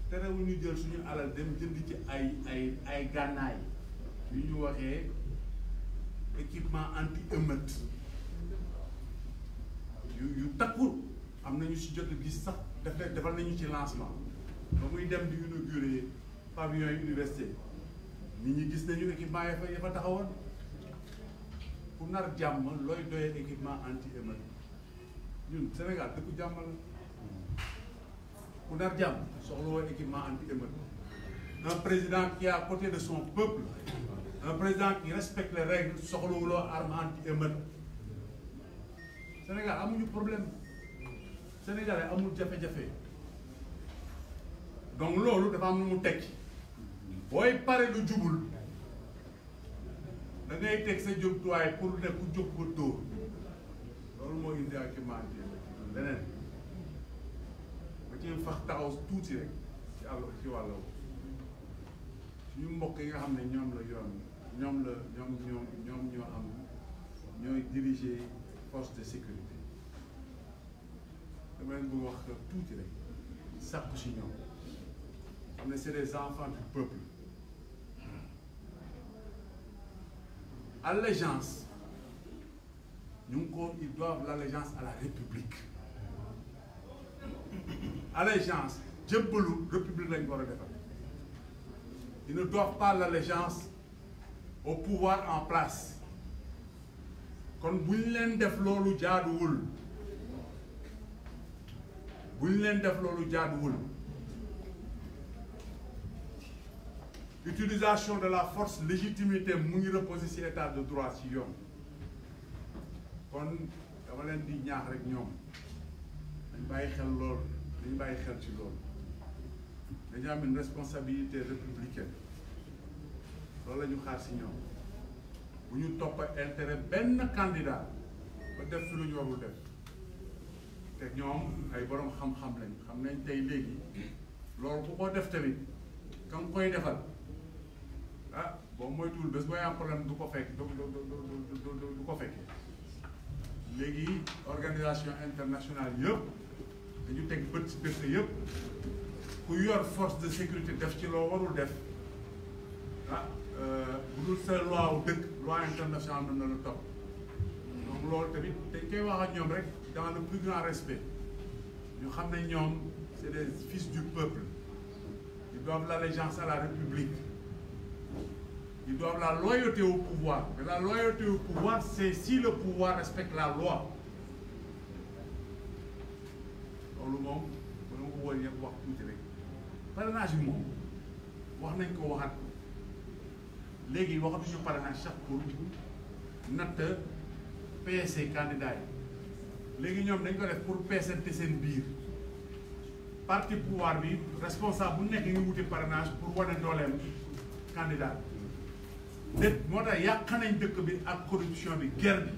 terewul ñu jël suñu alal dem jënd ci ay ay ay gànnaay yu ñu waxee équipement anti émeute yu yu takkul am nañu si jot gis sax def defal nañu ci lancement ba muy dem di inaugurer pavillon université nit ñi gis nañu équipement ya fa ya fa taxawoon ku nar jàmm looy doyee équipement anti émeute ñun Sénégal dëkku jàmm ku nar jàmm soxla woon équipement anti émeute un président qui est à côté de son peuple un président qui respecte les règles soxlawuloo arme anti émeute Sénégal amuñu problème Sénégalais amul jafe-jafe donc loolu dafa am nu mu tekki booy pare lu jubul da ngay teg sa jumtuwaay pour ne ku jóg ko dóor loolu moo indi ak manté leneen ba ci fax taxaw tuuti rek ci àll ci wàll suñu mbokk yi nga xam ne ñoom la yoon ñoom la ñoom ñoom ñoo am ñooy diriger force de sécurité dama leen bëgg wax tuuti rek sàkku si ñoom xam ne c'est des enfants du peuple allégeance ñu ngi ko ils doivent l'allégeance à la république allégeance jébbalu république lañ ko a defal ils ne doivent pas l'allégeance au pouvoir en place kon bu ñu def loolu jaaduwul bu ñu leen def loolu jaaduwul utilisation de la force légitimité mu ngi reposer ci état de droit ci yoon kon dama leen di ñaax rek ñoom dañ bàyyi xel lool dañ bàyyi xel ci lool dañu am une responsabilité républicaine loolu la ñu xaar ci ñoom bu ñu topp intérêt benn candidat ba def fi lu ñu warul def te ñoom ay boroom xam-xam lañ xam nañ tey léegi loolu bu ko def tamit ka nga koy defal ah boobu mooy tuul bés booy am problème du ko fekk du du du ko fekkee léegi organisation internationale yëpp dañu teg bët si bët yëpp ku yor force de sécurité def ci loo warul def ah euh, bu dul sa loi wu dëkk loi internationale mën na la topp donc loolu tamit dañ koy wax ak ñoom rek dans le plus grand respect ñu xam ne ñoom c'est des fils du peuple ils la l'allégeance à la République Ils doivent la loyauté au pouvoir. Mais la loyauté au pouvoir, c'est si le pouvoir respecte la loi. loolu moom mënoo ko woon wax tuuti rek parrainage bi moom wax nañ ko waxaat ko léegi waxatuñu parrainage sax pour natt peese candidat yi léegi ñoom dañ ko def pour peesante seen biir parti pouvoir bi responsable bu nekk ngi wuti parrainage pour wane dooleem candidat lépp moo tax yàq nañ dëkk bi ak corruption bi guerre bi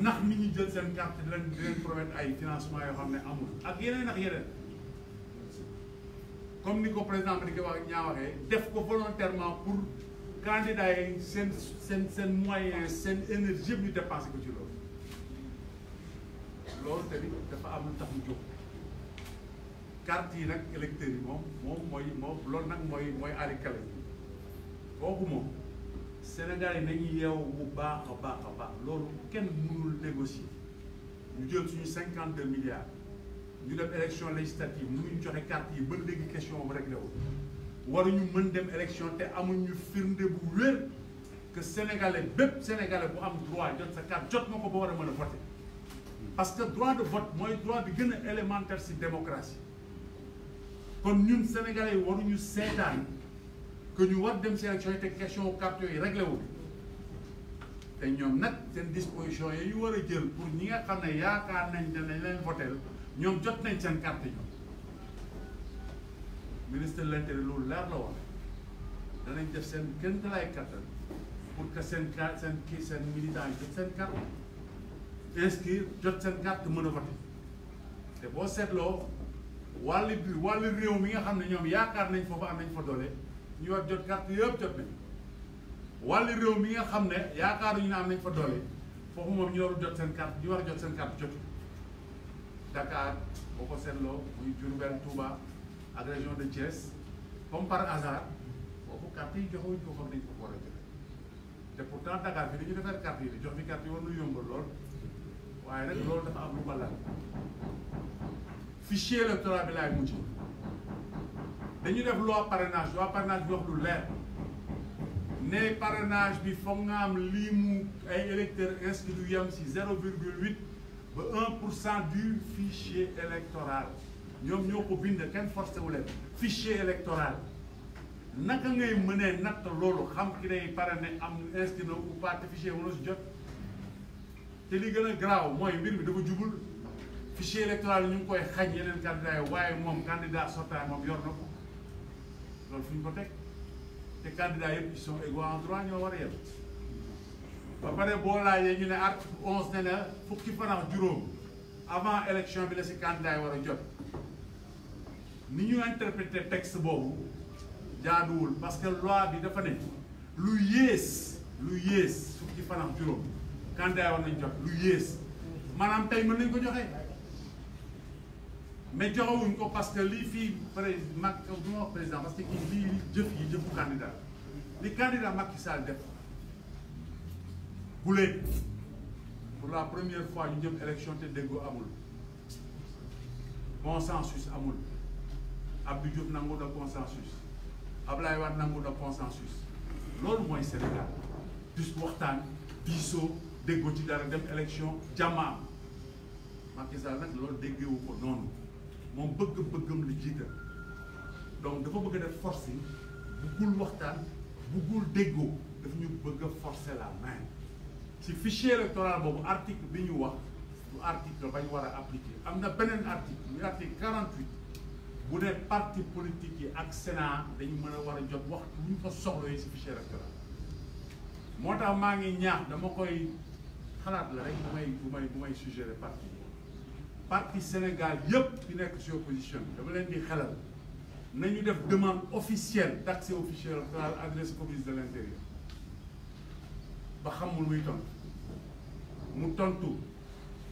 ndax nit ñi jël seen carte di leen di leen ay financement yoo xam ne amul ak yeneen ak yeneen comme ni ko président bi di ko wax def ko volontairement pour candidat yi seen seen seen moyen seen énergie yëpp ñu dépensé ko ci loolu loolu tamit dafa am lu tax mu jóg carte yi nag électeurs yi moom moom mooy moom loolu nag mooy mooy aari kale moom Sénégal yi nañu yeew bu baax a baax a baax loolu kenn mënul négocier ñu jël suñu cinquante deux milliards ñu dem élection législative mënuñu joxe carte yi ba léegi question bu rek wu waruñu mën dem élection te amuñu firnde bu que sénégalais bépp sénégalais bu am droit jot sa carte jot ma ko ba war a mën a voter parce que droit de vote mooy droit bi gën a élémentaire ci démocratie kon ñun sénégalais yi waruñu seetaan que ñu war dem si élection te question carte yooyu réglé wu te ñoom nag seen disposition yi ñu war a jël pour ñi nga xam ne yaakaar nañ ne dañ leen voteel ñoom jot nañ seen carte ñoom ministre de loolu leer la wax danañ def seen kenn lay kattan pour que seen carte seen kii seen militant yi jot seen carte inscrire jot seen carte mën a voté te boo seetloo wàllu bi réew mi nga xam ne ñoom yaakaar nañ foofu am nañ fa doole ñu war jot carte yëpp jot nañ wàllu réew mi nga xam ne yaakaaruñu ne am nañ fa doole foofu moom ñu warul jot seen carte ñu war jot seen carte jotu Dakar boo ko seetloo muy Diourbel Touba ak région de Thiès comme par hasard foofu carte yi joxewuñ ko xam nañ ko war a joxe te pourtant Dakar bi dañu defar carte yi di jox fi carte yi war na yombal lool waaye nag loolu dafa am lu ma laal fichier électoral bi laay mujj dañu def loo parrainage loi parrainage bi wax lu leer ne parrainage bi foog nga am lii mu ay électeurs inscrits du yem si zéro virgule huit ba un pour cent du fichier électoral ñoom ñoo ko bind kenn forcé wu leen fichier électoral naka ngay mënee natt loolu xam ki day parrainé am inscrit na ou pas te fichier mënoo si jot te li gën a garaaw mooy mbir mi dafa jubul fichier électoral ñu ngi koy xañ yeneen candidat yi waaye moom candidat sortant moom loolu fu ñu ko teg te candidats yëpp ils sont égaux en droit ñoo war a ba pare boo laajee ne article onze ne na fukki fan juróom avant élection bi la si candidat yi war a jot ni ñu interpréter texte boobu jaaduwul parce que loi bi dafa ne lu yées lu yées fukki fan juróom candidat yi war nañ jot lu yées maanaam tey mën nañ ko joxe. mais joxewuñ ko parce que lii fii pré mag du ma wax président parce que kii jëf yi jëfu candidat li candidat Macky Sall def bu pour la première fois ñu jëm élection te déggoo amul consensus amul Abdou Diouf nangu na consensus Ablaye Wade nangu na consensus loolu mooy Sénégal plus waxtaan diisoo déggoo ci dara dem élection jàmm Macky Sall nag loolu déggewu ko noonu moom bëgg-bëggam la jiital donc dafa bëgg a def forcing buggul waxtaan buggul déggoo daf ñu bëgg a forcer la main ci fichier électoral boobu article bi ñu wax du article bañ war a appliquer am na beneen article muy article 48 bu dee parti politique yi ak Sénat dañu mën a war a jot waxtu bu ñu ko soxlawee ci fichier électoral moo tax maa ngi ñaax dama koy xalaat la rek bu may bu may bu may suggéré parti Sénégal yëpp di nekk ci opposition bi dama leen di xelal ñu def demande officielle d' accès officiel électoral adressé au ministre de ba xamul muy tontu mu tontu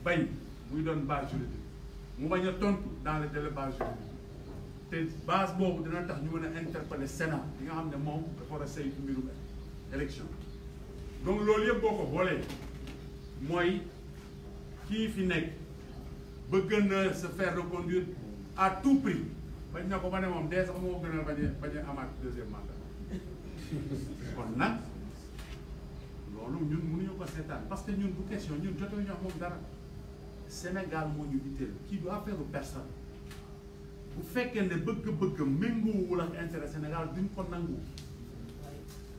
bañ muy doon base juridique mu bañ a tontu dans le délai base te base boobu dina tax ñu mën a interpeller Sénat bi nga xam ne moom dafa war a saytu mbirum élection donc loolu yëpp boo ko boolee mooy kii fi nekk. bëgg na se faire reconduire à tout prix bañ na ko ba ne moom dee sax moo gën a bañ a bañ a amaat deuxième mandat kon loolu ñun mënuñu ko seetaan parce que ñun bu question ñun jotee ñu wax moom Sénégal moo ñu itteel kii du affaire personne bu fekkee ne bëgg-bëggam méngoowul ak intérêt Sénégal duñ ko nangu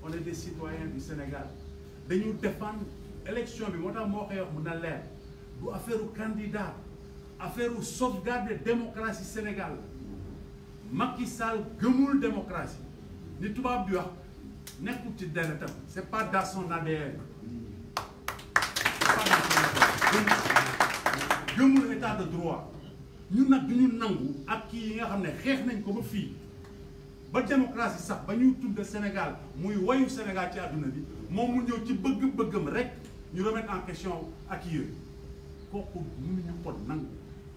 on est des citoyens du Sénégal dañu défendre élection bi moo tax moo koy wax mun na leer du affaire candidat. affaire u sauvegarde démocratie Sénégal Macky Sall gëmul démocratie ni tubaab bi wax nekkul ci deretam c'est pas dans son ADN gëmul état de droit ñu nag du nangu ak kii yi nga xam ne xeex nañ ko ba fii ba démocratie sax ba ñuy tudd Sénégal muy wayu Sénégal ci àdduna bi moom mu ñëw ci bëgg-bëggam rek ñu remettre en question ak yooyu kooku mënuñu ko nangu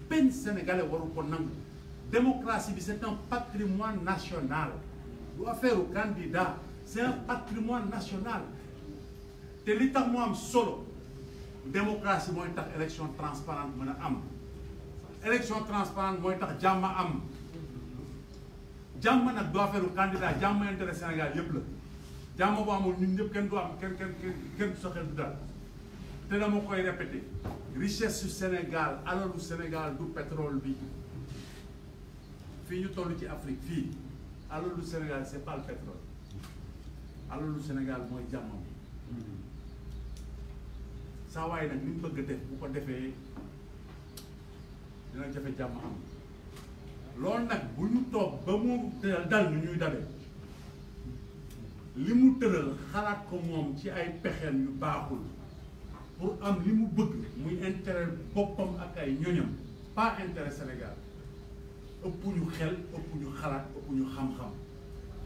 benn sénégalais waru ko nangu démocratie bi c'est un patrimoine national bu affaire candidat c'est patrimoine national te li tax mu am solo démocratie mooy tax élection transparente mën a am élection transparente mooy tax jàmm am jàmm nag du affaire u candidat jàmm intérêt Sénégal yëpp la jàmm bu amul ñun ñëpp kenn du am kenn kenn kenn du du daal dana ma koy répété richesse su Sénégal alalu Sénégal du pétrole bi fii ñu toll ci Afrique fii alalu Sénégal c'est pas le pétrole alalu Sénégal mooy jàmmam saa waaye nag ni bëgg a def bu ko defee dina jafe jàmm am loolu nag bu ñu toog ba mu dal ñu ñuy dalee li mu tëral xalaat ko moom ci ay pexeem yu baaxul pour am li mu bëgg muy intérêt boppam ak ay ñoñam pas intérêt Sénégal ëpp ñu xel ëpp ñu xalaat ëpp ñu xam-xam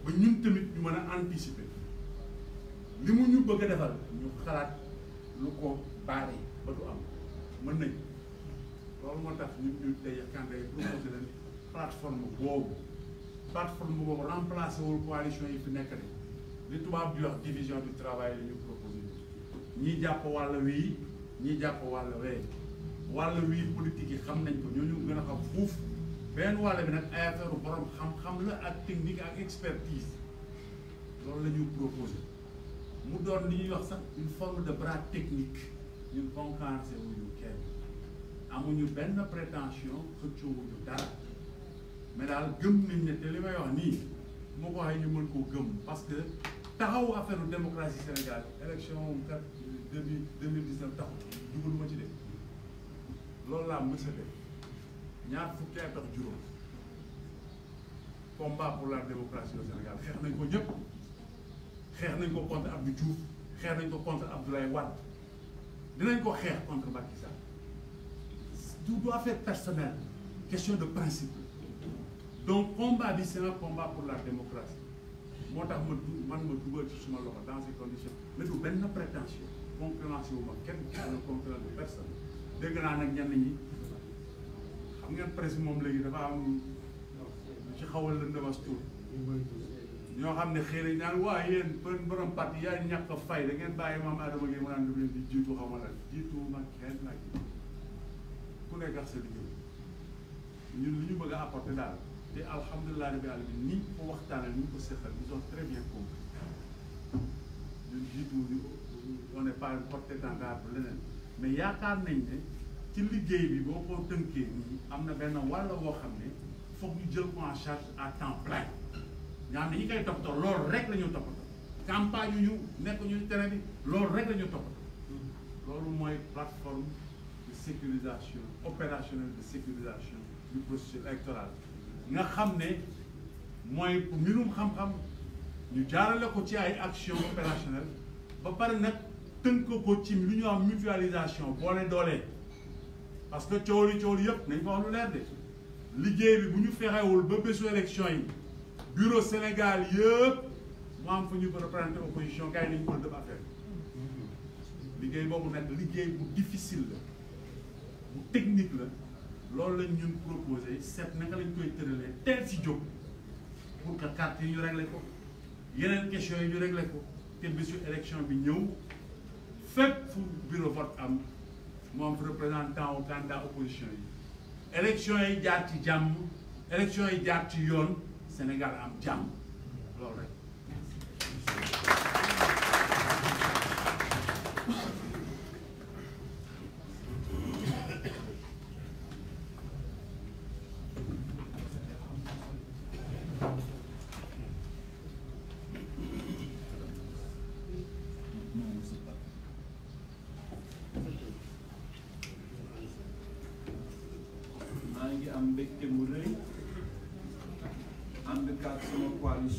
ba ñun tamit ñu mën a anticiper li mu ñu bëgg a defal ñu xalaat lu ko baare ba du am mën nañ loolu moo tax ñun ñu tey Kande proposé leen plateforme boobu plateforme boobu remplacé wul coalition yi fi nekk de li tubaab division du travail la ñu ñi jàpp wàll wii ñi jàpp wàll wee wàll wii politique yi xam nañ ko ñooñu gën a xam fuuf benn wàll bi nag ay affaire borom xam-xam la ak technique ak expertise loolu la ñu proposé mu doon li ñuy wax sax une forme de bras technique ñun concurrencé wuñu kenn amuñu benn prétention xëccoowuñu dara mais daal gëm nañ ne te li may wax nii moo ko waxee ñu mën koo gëm parce que taxaw affaire démocratie Sénégal élection kat deux mille deux mille dix neuf taxut jubaluma ci de loolu laa mës a def ñaar fukki at ak juróom combat pour la démocratie au Sénégal xeex nañ ko ñëpp xeex nañ ko contre Abdou Diouf xeex nañ ko contre Abdoulaye Wade dinañ ko xeex contre Macky Sall du doit faire personnel question de principe donc combat bi c'est un combat pour la démocratie moo tax ma du man ma dugal ci suma loxo dans ces conditions mais du benn prétention compréhension wu ma kenn dana comprendre personne dégg naa nag ñenn ñi xam ngeen presse moom léegi dafa am ci xawal la ndëmas tuur ñoo xam ne xëy nañ naan waa yéen bën borom parti yaa ñàkk a fay da ngeen bàyyi maam Adama Gueye mu naan dama leen jiitu xaw ma lan jiitu ma kenn laa ji ku nekk ak sa liggéey ñun li ñu bëgg a apporter daal te alhamdulilah rabbi alamin ni ñu ko waxtaanee ni ñu ko seqal ñu doon très bien compris ñun jiitu ñu on n'est pas porté en garde leneen mais yaakaar nañ ne ci liggéey bi boo ko tënkee nii am na benn wàll boo xam ne foog ñu jël ko en charge à temps plein nga xam ne ñi koy toppatoo loolu rek la ñu campagne yu ñu ñu terrain bi loolu rek la ñu toppatoo loolu mooy plateforme sécurisation opérationnelle de sécurisation du processus électoral nga xam ne mooy mbirum xam-xam ñu jaarale ko ci ay actions opérationnelles ba pare nag. tënk ko ci lu ñu am mutualisation boole doole parce que coow li yëpp nañ ko wax lu leer de liggéey bi bu ñu fexewul ba bésu élection yi bureau Sénégal yëpp mu am fu ñu représenté opposition gars yi nañu ko def affaire liggéey boobu nag liggéey bu difficile la bu technique la loolu lañ ñun proposé seet naka lañ koy tëralee teel si jóg pour que carte yi ñu réglé ko yeneen question yi ñu réglé ko te bésu élection bi ñëw fépp fu bureau vote am moom représentant wu candidat opposition yi élection yi jaar ci jàmm élection yi jaar ci yoon senegal am jàmm loolu rek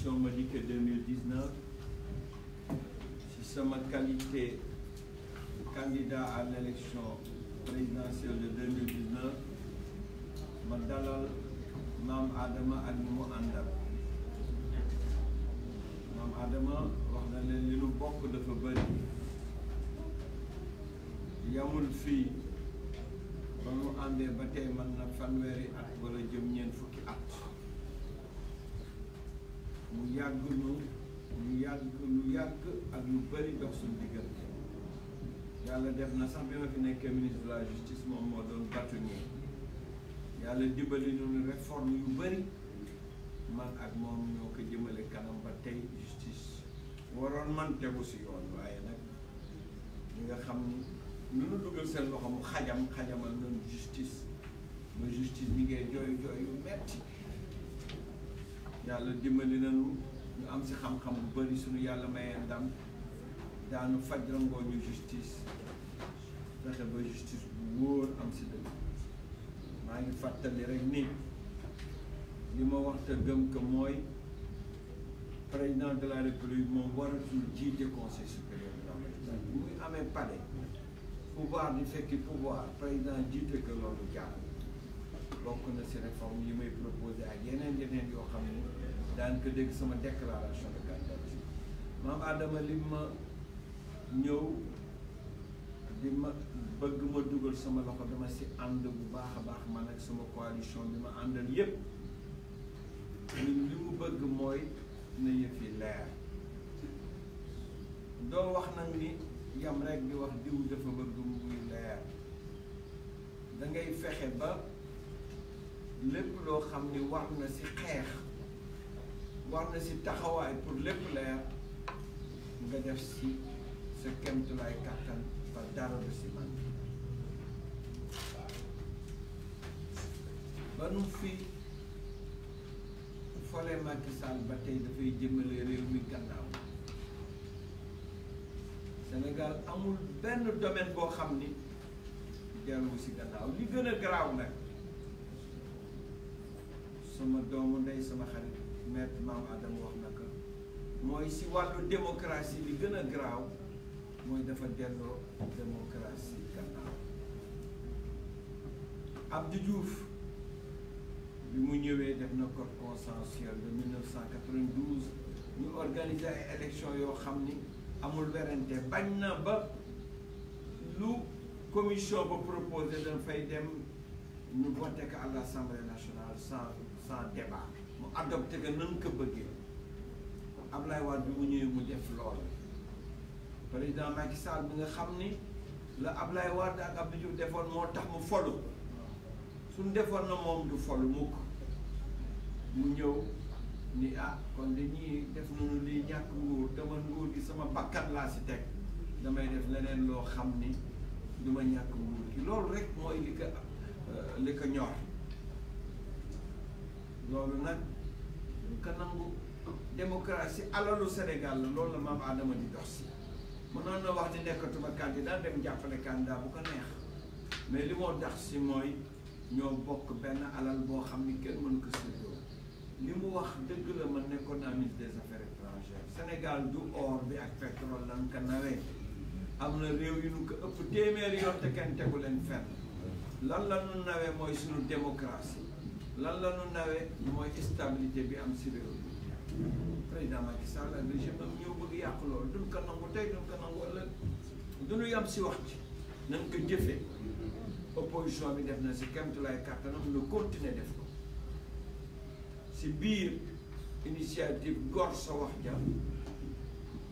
édition ma di que 2019 si sama qualité de candidat à l'élection présidentielle de 2019 ma dalal maam Adama ak ñi mu àndal maam Adama wax na leen li nu bokk dafa bëri yamul fii ba mu àndee ba tey man na fanweeri at wala jëm ñeent fukki at mu yàgg ñu ñu yàgg ñu yàgg ak lu bëri dox suñu diggante yàlla def na sax bi ma fi nekkee ministre de justice moom moo doon bâtonnier yàlla dimbali ñu réforme yu bëri man ak moom ñoo ko jëmale kanam ba tey justice waroon man tegu si yoon waaye nag ñi nga xam ni nu dugal seen loxo mu xajam xajamal nañu justice ba justice ñi ngee jooy metti yàlla dimbali nañu ñu am si xam-xam bu bari suñu yàlla mayee ndam daanu faj rangoo justice fexe ba justice bu wóor am si dëgg maa ngi fàttali rek ni li ma wax gëm que mooy président de la république moom waratul jiite conseil supérieur de la amee palais pouvoir di fekki pouvoir président jiite que loolu jaar bokk na si réforme yi may proposé ak yeneen yeneen yoo xam ne daan ko dégg sama déclaration de candidature maam Adama li ma ñëw di ma bëgg ma dugal sama loxo dama si ànd bu baax a baax ma ak sama coalition bi ma àndal yépp li mu bëgg mooy na yëf yi leer doo wax nag ni yam rek di wax diw dafa bëgg muy leer da fexe ba lépp loo xam ni war na ci xeex war na ci taxawaay pour lépp leer nga def ci sa kemtulaay kàttan ba dara du ci man ba nu fi folee Macky ba tey dafay jëmale réew mi gannaaw Sénégal amul benn domaine boo xam ni dellu ci gannaaw li gën a garaaw nag sama doomu ndey sama xarit maître maam Adama wax na mooy si wàllu démocratie li gën a garaaw mooy dafa delloo démocratie gannaaw Abdou Diouf bi mu ñëwee def na code consensuel de 1992 ñu organiser ay élection yoo xam ni amul werante bañ na ba lu commission ba proposé dañ fay dem ñu voté ko à l'Assemblée nationale sans sans débat mu adopté que nan ko bëggee laay Wade bi mu ñëwee mu def loolu président Macky Sall bi nga xam ni la ab Ablaye Wade ak Abdou Diouf defoon moo tax mu folu suñ defoon na moom du folu mukk mu ñëw ni ah kon dañuy def nañu liy ñàkk nguur dama nguur gi sama bakkan laa si teg damay def leneen loo xam ni du ma ñàkk nguur gi loolu rek mooy li ko euh, li ko ñor loolu nag duñ nangu démocratie alalu senegal la loolu la maam Adama di dox si mënoon na wax ni nekkatuma candidat dem jàppale candidat bu ko neex mais li moo dox si mooy ñoo bokk benn alal boo xam ni kenn mënu ko séddoo li mu wax dëgg la man nekkoon naa ministre des affaires étrangères Sénégal du or bi ak pétrole lan ka nawee am na réew yu nu ko ëpp téeméeri yoon te kenn tegu leen fenn lan la nawee mooy suñu démocratie lan la ñu nawee mooy stabilité bi am si réew mi président Macky Sall ak régime am ñoo bëgg yàq loolu duñ ko nangu tey duñ ko nangu ëllëg duñu yam si wax ci nañ ko jëfe opposition bi def na si kemtulaay kàttanam nu continuer def ko si biir initiative gor sa wax ja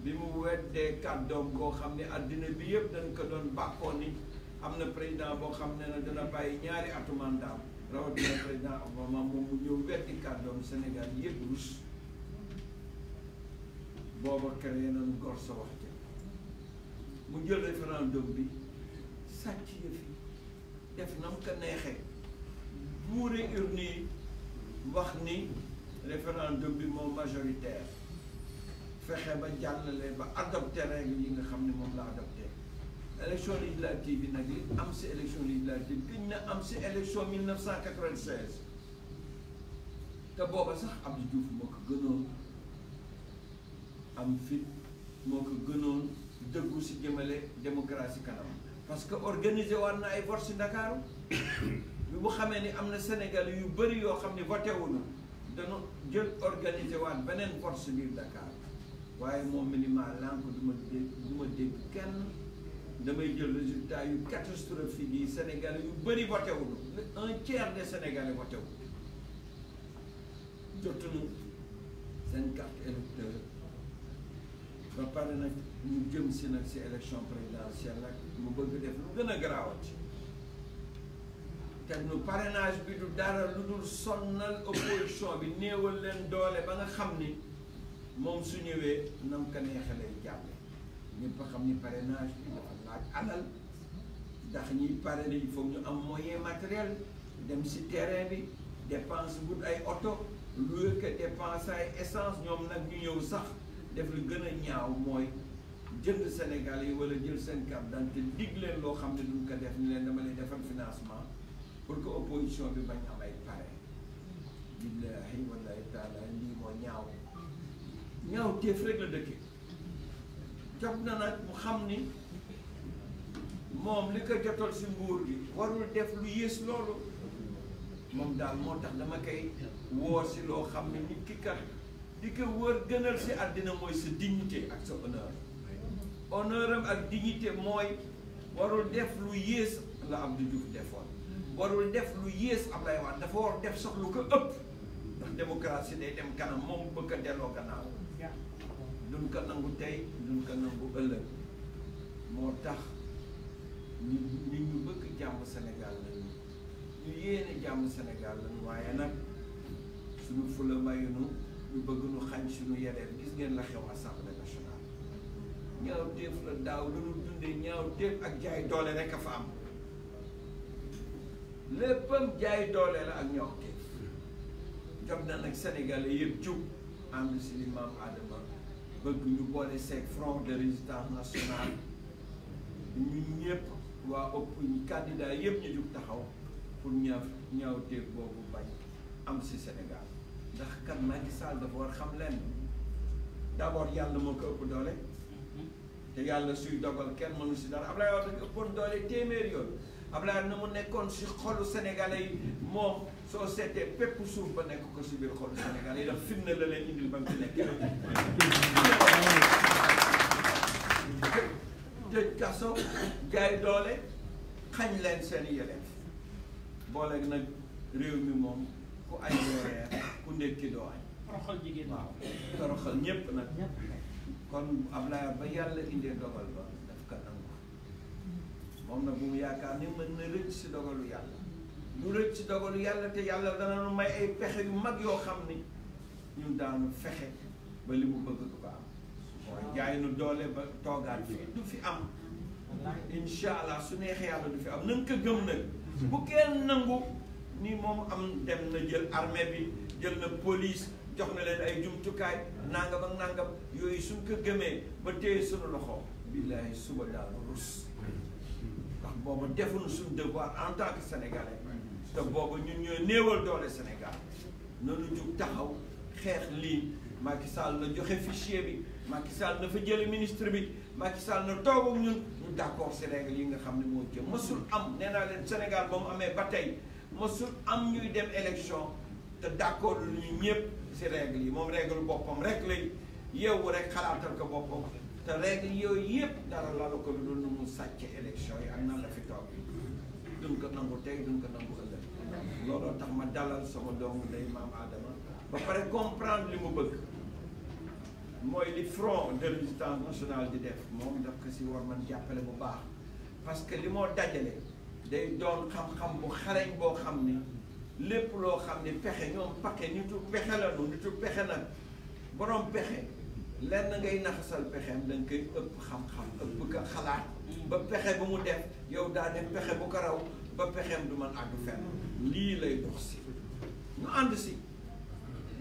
bi mu weddee doom koo xam ne àddina bi yëpp dañ ko doon bàkkoo ni am na président boo xam ne na dana bàyyi ñaari atu mandat rawatina président Obama moom mu ñëw wetti kàddoom Sénégal yëpp rus booba créé nañu gor sa wax mu jël référendum bi sàcc yëf yi def na mu ko neexee buure urne wax ni référendum bi moom majoritaire fexe ba jàllale ba adopté règle yi nga xam ne moom la adopté élection législative bi nag li am si élection législative gëñ na am si élection 1996 te booba sax Abdou Diouf moo ko gënoon am fit moo ko gënoon dëggu si jëmale démocratie kanam parce que organiser war na ay vote si Ndakaaru *coughs* bi bu xamee ni am na Sénégal yu bëri yoo xam ne voté wuñu dana jël organiser waat beneen vote si biir waaye moom mi ni maa dégg du dégg kenn damay jël résultat yu catastrophique yi Sénégalais yu bëri voté wul un tiers des Sénégalais voté wul jotuñu seen carte électeur ba pare nag ñu jëm si nag si élection présidentielle ak mu bëgg def lu gën a garaawati te nu parrainage bi du dara lu dul sonnal opposition bi néewal leen doole ba nga xam ni moom su ñëwee nam ka neexee lay xam ni parrainage bi ak alal ndax ñuy pare dañu foog ñu am moyen matériel dem si terrain bi dépense but ay oto lu que dépense ay essence ñoom nag ñu ñëw sax def lu gën a ñaaw mooy jënd Sénégal yi wala jël seen carte d'identité dig leen loo xam ne duñ ko def ni leen dama leen defal financement pour que opposition bi bañ am ay pare billahi wallahi taala lii moo ñaaw ñaaw téef rek la dëkke jot na nag mu xam ni moom li ko jotoon si nguur gi warul def lu yées loolu moom daal moo tax dama koy woor si loo xam ne nit ki kat di ko wër gënal si àddina mooy sa dignité ak sa honneur honneur am ak dignité mooy warul def lu yées la Abdou Diouf defoon warul def lu yées Ablaye Wade dafa war def sax ko ëpp ndax démocratie day dem kanam moom bëgg a delloo gannaaw duñ ko nangu tey duñ ko nangu ëllëg moo tax ñu ñu ñu bëgg jàmm Sénégal lañu yéene jàmm Sénégal lañu waaye nag suñu fula mayunu ñu bëgg nu xañ suñu yeneen gis ngeen la xew assemblée nationale ñaaw téef la daaw lu nu dundee ñaaw téef ak jaay doole rek fa am léppam jaay doole la ak ñaaw téef jot na nag sénégalais yëpp jub ànd si li Adama bëgg ñu boole seeg front de résistance nationale ñu ñëpp waa ëpp ñi candidat yëpp ñu jug taxaw pour ñaaw ñaaw téeg boobu bañ am si Sénégal ndax kan Macky Sall dafa war xam lenn d'abord yàlla moo ko ëpp doole mhm. te yàlla suy dogal kenn mënu si dara Ablaye wax dëgg ëppoon doole téeméer yoon Ablaye na mu nekkoon si xolu Sénégalais yi moom soo setee pépp suuf ba nekk ko si biir xolu Sénégalais yi ndax fitna la leen indil ba mu fi nekk *laughs* tëj kaso jaay doole xañ leen seen yelleef booleeg nag réew mi moom ku añ doo reer ku ndékki doo añ toroxal jigéen ñépp nag kon Ablaye ba yàlla indee dogal ba daf ko nangu moom nag bu mu yaakaar ni mën na rëcc si dogalu yàlla lu rëcc si dogalu yàlla te yàlla dana nu may ay pexe yu mag yoo xam ni ñu daanu fexe ba bëgg du ko am jaay nu doole ba toogaat bi du fi am incha allah su neexee yàlla du fi am nañ ko gëm nag bu kenn nangu nii moom am dem na jël armée bi jël na police jox na leen ay jumtukaay nangam ak nangam yooyu suñ ko gëmee ba téye suñu loxo billaahi suba daal rus ndax boobu defuñu suñ devoir en tant que sénégalais te boobu ñu ñooy néewal doole Sénégal noonu jug taxaw xeex lii Macky Sall la joxe fichier bi Macky Sall na fa jële ministre bi Macky Sall na toog ak ñun ñu d'accord Sénégal yi nga xam ne moo jëm mësul am nee naa leen Sénégal ba mu amee ba tey mësul am ñuy dem élection te d'accord lu ñu ñëpp ci règle yi moom règle boppam rek lay yeewu rek xalaatal ko boppam te règle yooyu yëpp dara lalu ko lu nu mu sàcc élection yi ak nan la fi toog duñ ko nangu tey duñ ko nangu ëllëg looloo tax ma dalal sama doomu day maam Adama ba pare comprendre li mu bëgg mooy li front de résistance nationale di def moom daf ko si war man jàppale bu baax parce que li moo dajale day doon xam-xam bu xarañ boo xam ni lépp loo xam ni pexe ñoom pakke tu pexe la nu nitu pexe nag borom pexe lenn ngay naxasal pexeem dañ koy ëpp xam-xam ëpp ka xalaat ba pexe bu mu def yow daa def pexe bu ko raw ba pexeem du man àgg fenn lii lay dox si ñu ànd si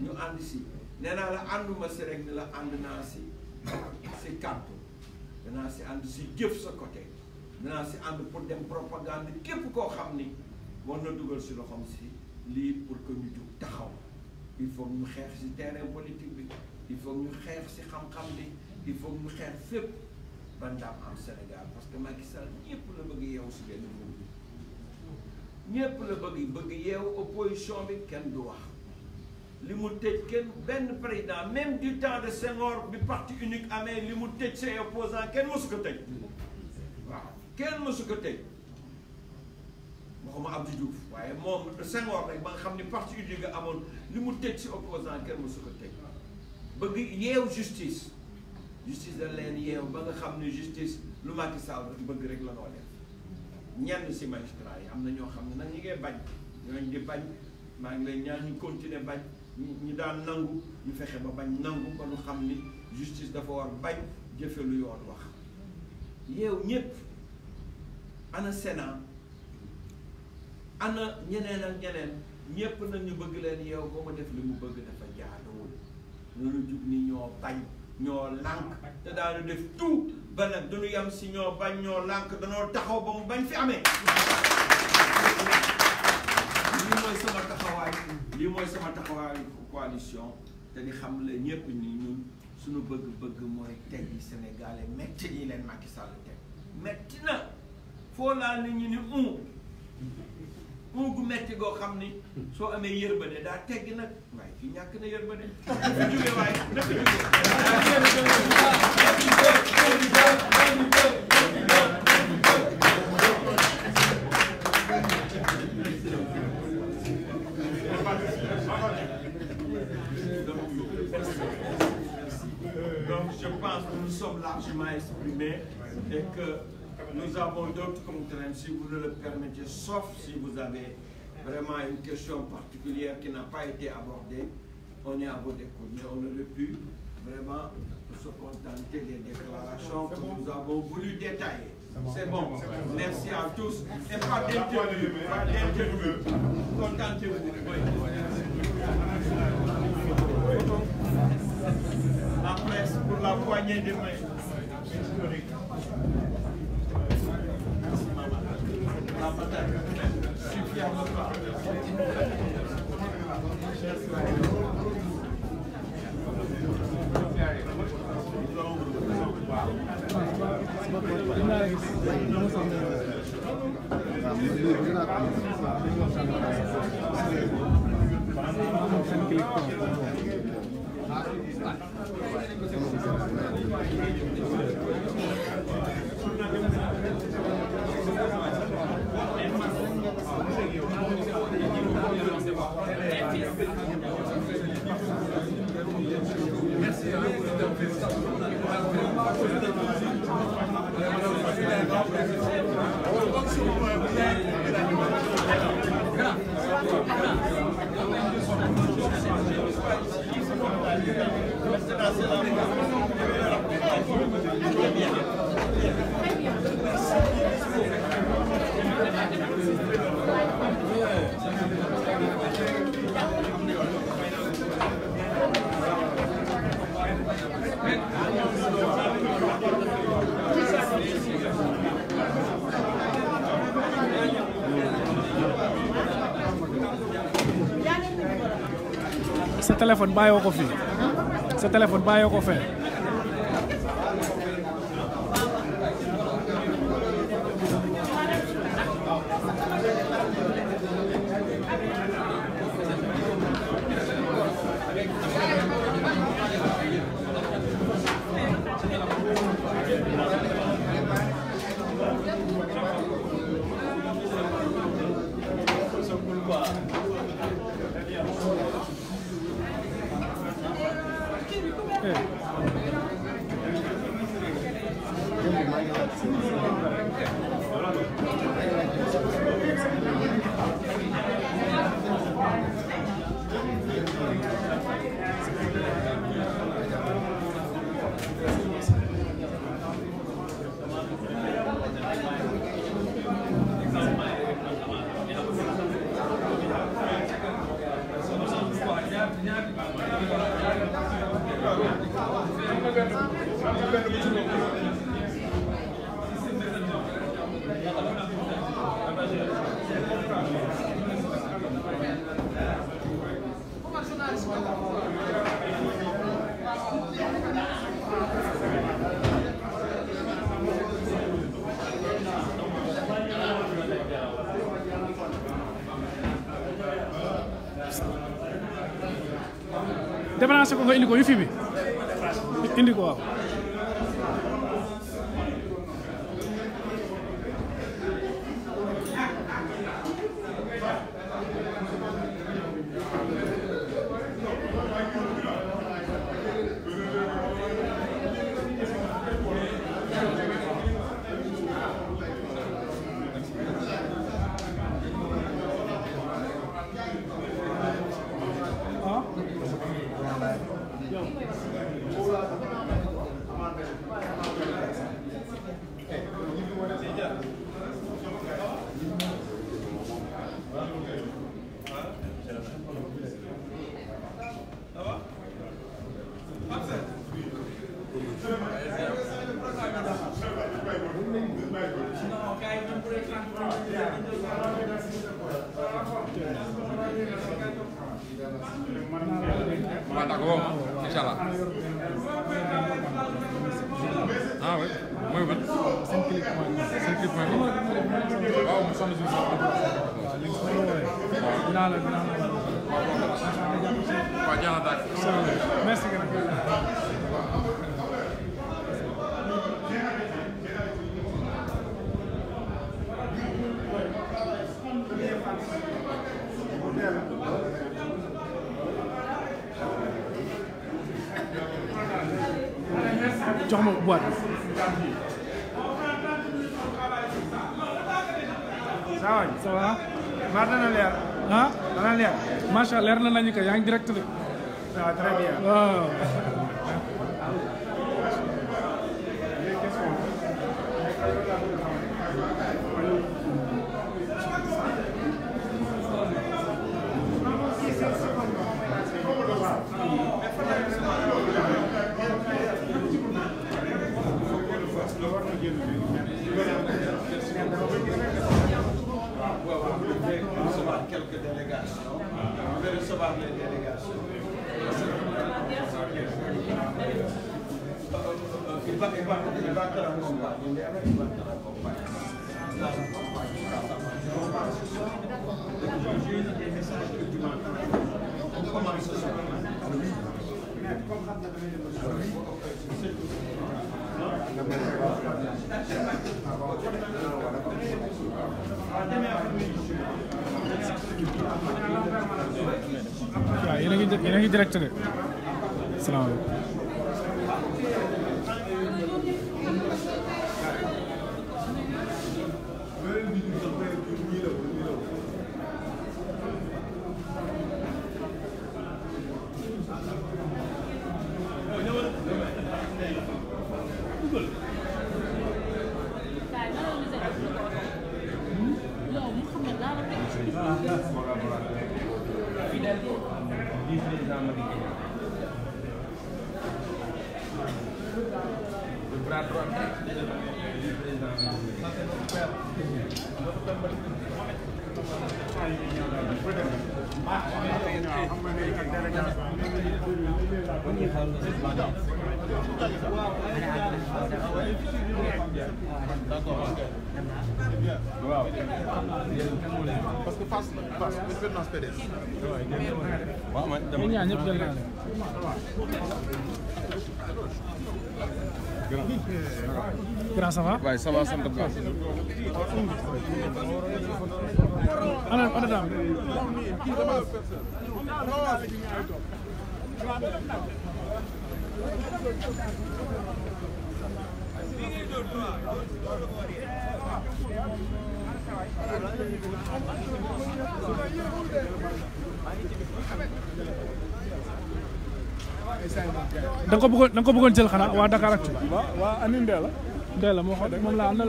ñu ànd si nee naa la ànduma si rek ni la ànd naa si si kàddu danaa si ànd si jëf sa côté danaa si ànd pour dem propagande képp koo xam ni war na dugal si loxom si lii pour ko ñu jug taxaw il faut ñu xeex si terrain politique bi il faut ñu xeex si xam-xam bi il faut ñu xeex fépp ba ndam am Sénégal parce que Macky Sall ñëpp la bëgg yeew si benn bopp ñëpp la bëgg bëgg yeew opposition bi kenn du wax. li mu tëj kenn benn président même du temps de Senghor bi parti unique amee li mu tëj say opposant kenn mësu ko tëj waaw kenn mësu ko tëj waxuma Abdou Diouf waaye moom Senghor rek ba nga xam ni parti unique nga amoon li mu tëj si opposant kenn mësu ko tëj bëgg yeew justice justice da leen yeew ba nga xam ni justice lu Macky bëgg rek la noo def ñenn si magistrat yi am na ñoo xam ne nag ñu ngee bañ ñooñ di bañ maa ngi leen ñaan ñu continuer bañ ñu ñu daan nangu ñu fexe ba bañ nangu ba ñu xam ni justice dafa war bañ jëfe lu yoon wax yow ñëpp ana Sénat ana ñeneen ak ñeneen ñëpp nag ñu bëgg leen yow ba mu def li mu bëgg dafa jaaduwul loolu jug ni ñoo bañ ñoo lànk te daanu def tout ba nag du ñu yam si ñoo bañ ñoo lànk danoo taxaw ba mu bañ fi amee lii mooy sama taxawaay lii mooy sama taxawaay coalition te di xam la ñëpp ni ñun suñu bëgg-bëgg mooy tey sénégalais métti yi leen Macky Sall teg métti na foo laal nit ni un un gu métti goo xam ni soo amee yërmande daa tegg nag waaye ki ñàkk na yërmande dafa jógee waaye dafa jógee sommes largement exprimés et que nous avons d'autres contraintes, si vous le permettez, sauf si vous avez vraiment une question particulière qui n'a pas été abordée. On est à vos écoutes, mais on aurait pu vraiment se contenter des déclarations que nous avons voulu détailler. C'est bon. Merci à tous. Et pas d'interview. Pas d'interview. Contentez-vous. accompagné de mains historiques. Merci maman. La bataille humaine suffit à me parler. Merci. téléphone bàyyoo ko fii sa téléphone bàyyoo ko fee débalancé ko nga indi ko yu fi bi indi ko waaw. boîte bi. ça va. ça va. maa dana leer. ah dana leer. macha allah leer na nañu ko yaa ngi direct de. waaw yéen a ngi yéen a ngi waaw parce que Fass la Fass présidence PDS. waaw man dama ñaan ñëpp jël naa leen. grand ça va. waay ça va sant bu baax. ana ana daam. da nga ko bëggoon da ko bëggoon jël xanaa waa Dakaractu. waaw waaw Alioune Ndeye la. Ndeye moo xam moom laa àndal.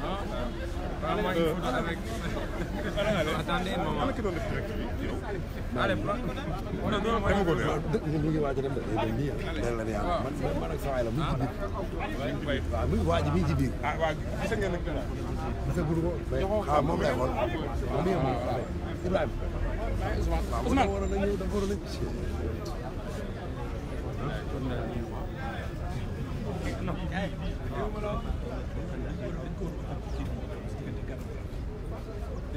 ñu ngi waaj a dem de day nii ah la yàlla man man ak saa la mu ngi ci biir waaw mu ngi waaj mi ngi ci biir. ah waaw gis ngeen nag gisaguñu ko mais ah moom lay xool moom mi ngi moom Ibrahima. waaw Ousmane waaw waroon na ñëw dafa waroon a.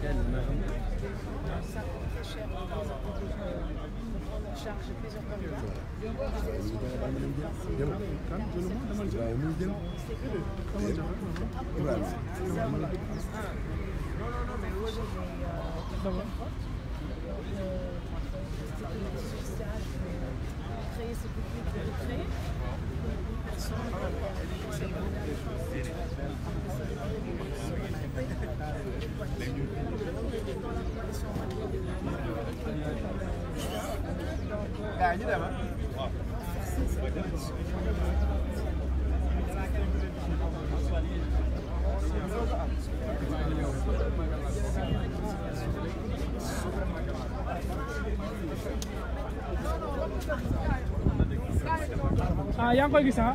tellement. Ça coûte très cher de temps en temps. On charge plusieurs tonnes. Non, non, non, mais aujourd'hui, euh, créer ce public de créer. Personne. ñu dem ah yaa ngi koy gis ah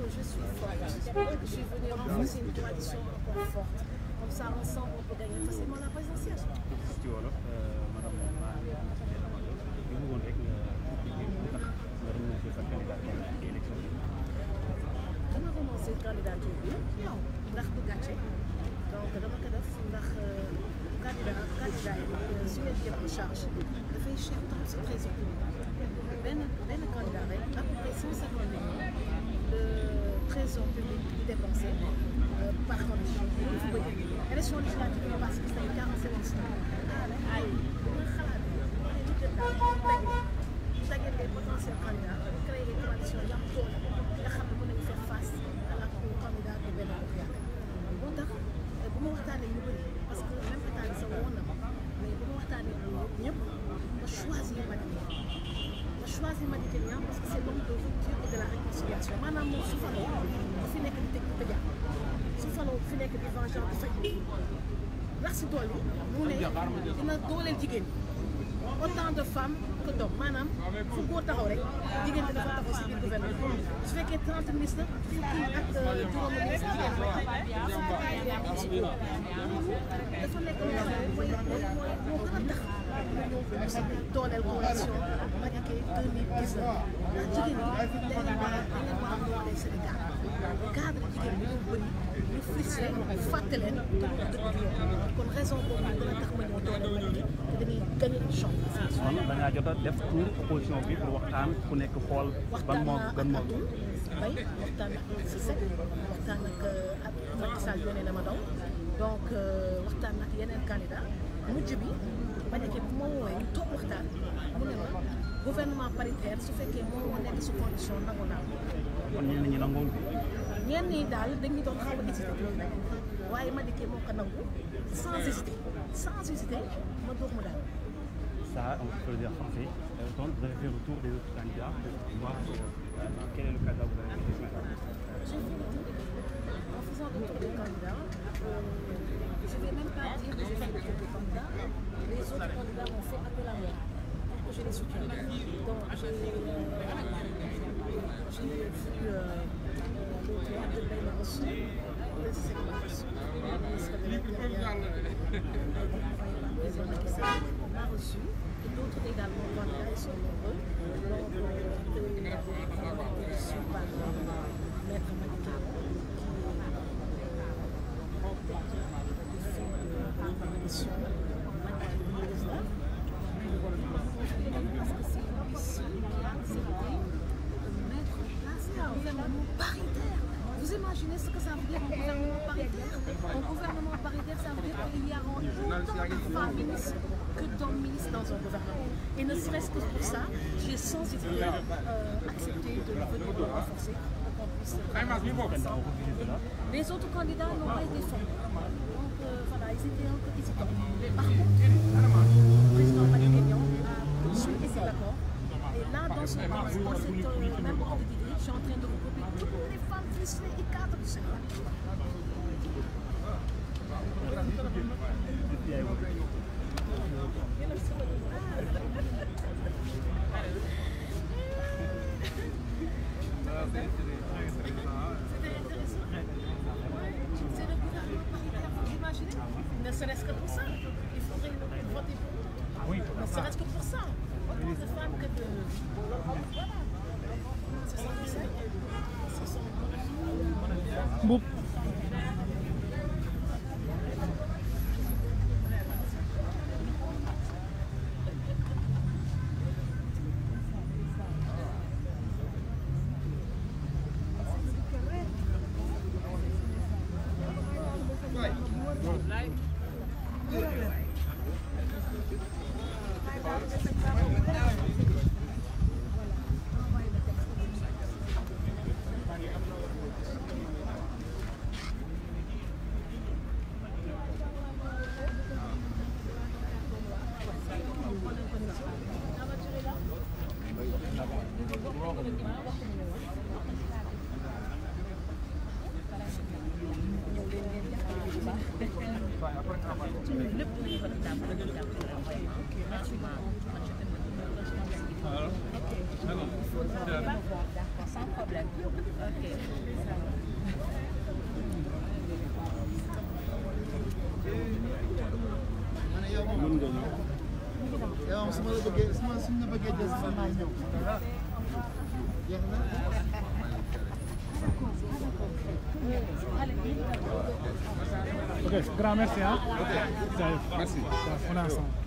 que je suis forte. Je suis venue renforcer une tradition encore forte. Comme ça, ensemble, on peut gagner facilement la présidentielle. Euh, euh, dama commencé candidature bi ndax du gàcce donc dama ko def ndax euh, candidat candidat yi su ngeen jël en charge dafay cher trop si trésor benn benn candidat rek à peu près cent cinquante mille trésor public bu dépensé euh, par contre élection législative bi parce que say quarante séance ay nga xalaat ñu dajale les potentiels candidats créer des coalitions yu am doole nga xam ne mën nañu faire face ak candidat de benn bopp yaakaar moo tax euh, bu ma waxtaanee ñu bëri parce que même état bi sax woon na ma mais bu ma waxtaanee ñëpp ma choisir Madické ma choisir Madické Niang parce que c'est l'homme de rupture de la réconciliation maanaam moom su fa dina dooleel jigéen autant de femmes que d'hommes maanaam fu góor taxaw rek jigéen bi dafa taxaw si biir gouvernement su fekkee trente ministre fukki ak euh, juróomi ministre jigéen mooy dafa nekk mooy mooy moo gën a tax dooleel coalition Madické 2019 ndax jigéen ñi dañ leen war a dañ leen war a dooleel Sénégal cadre jigéen bi bëri publicité fàtte leen kon ba da def tour opposition bi pour waxtaan ku nekk xool. ban moo ban moo bay waxtaan ak Cissé waxtaan euh, ma daw donc euh, waxtaan ak yeneen candidat mujj bi ba nekk bu ma ma nekk su condition nangu naa kon ñenn ñi nanguwul ñenn ñi daal dañuy doon xaw a hésité waaye Madické moo ko nangu sans hésiter sans hésiter ma dox mu daal. ça on peut le dire en français euh, donc vous avez fait le tour des autres candidats pour voir euh, quel est le candidat vous avez fait j'ai fait le tour en faisant le tour des candidats euh, je ne vais même pas dire que j'ai fait le tour des candidats les autres candidats ont fait appel à moi pour que je les soutienne donc j'ai vu يعمل بين غصن ورزق الغصن m'a reçu et d'autres également voilà, ils sont nombreux donc euh, de, de, de, de, de, de, de, de, dans un gouvernement. Et ne serait-ce que pour ça, j'ai sans hésiter euh, accepté de venir me renforcer pour qu'on puisse travailler ensemble. Et les autres candidats n'ont pas été formés. Donc euh, voilà, ils étaient un peu hésitants. Par contre, le président Malignan a souhaité ses accords. Et là, dans, ce, dans cette euh, même ordre d'idée, je suis en train de regrouper toutes les femmes, filles et cadres de ce grand merci ah. ok merci. on est ensemble.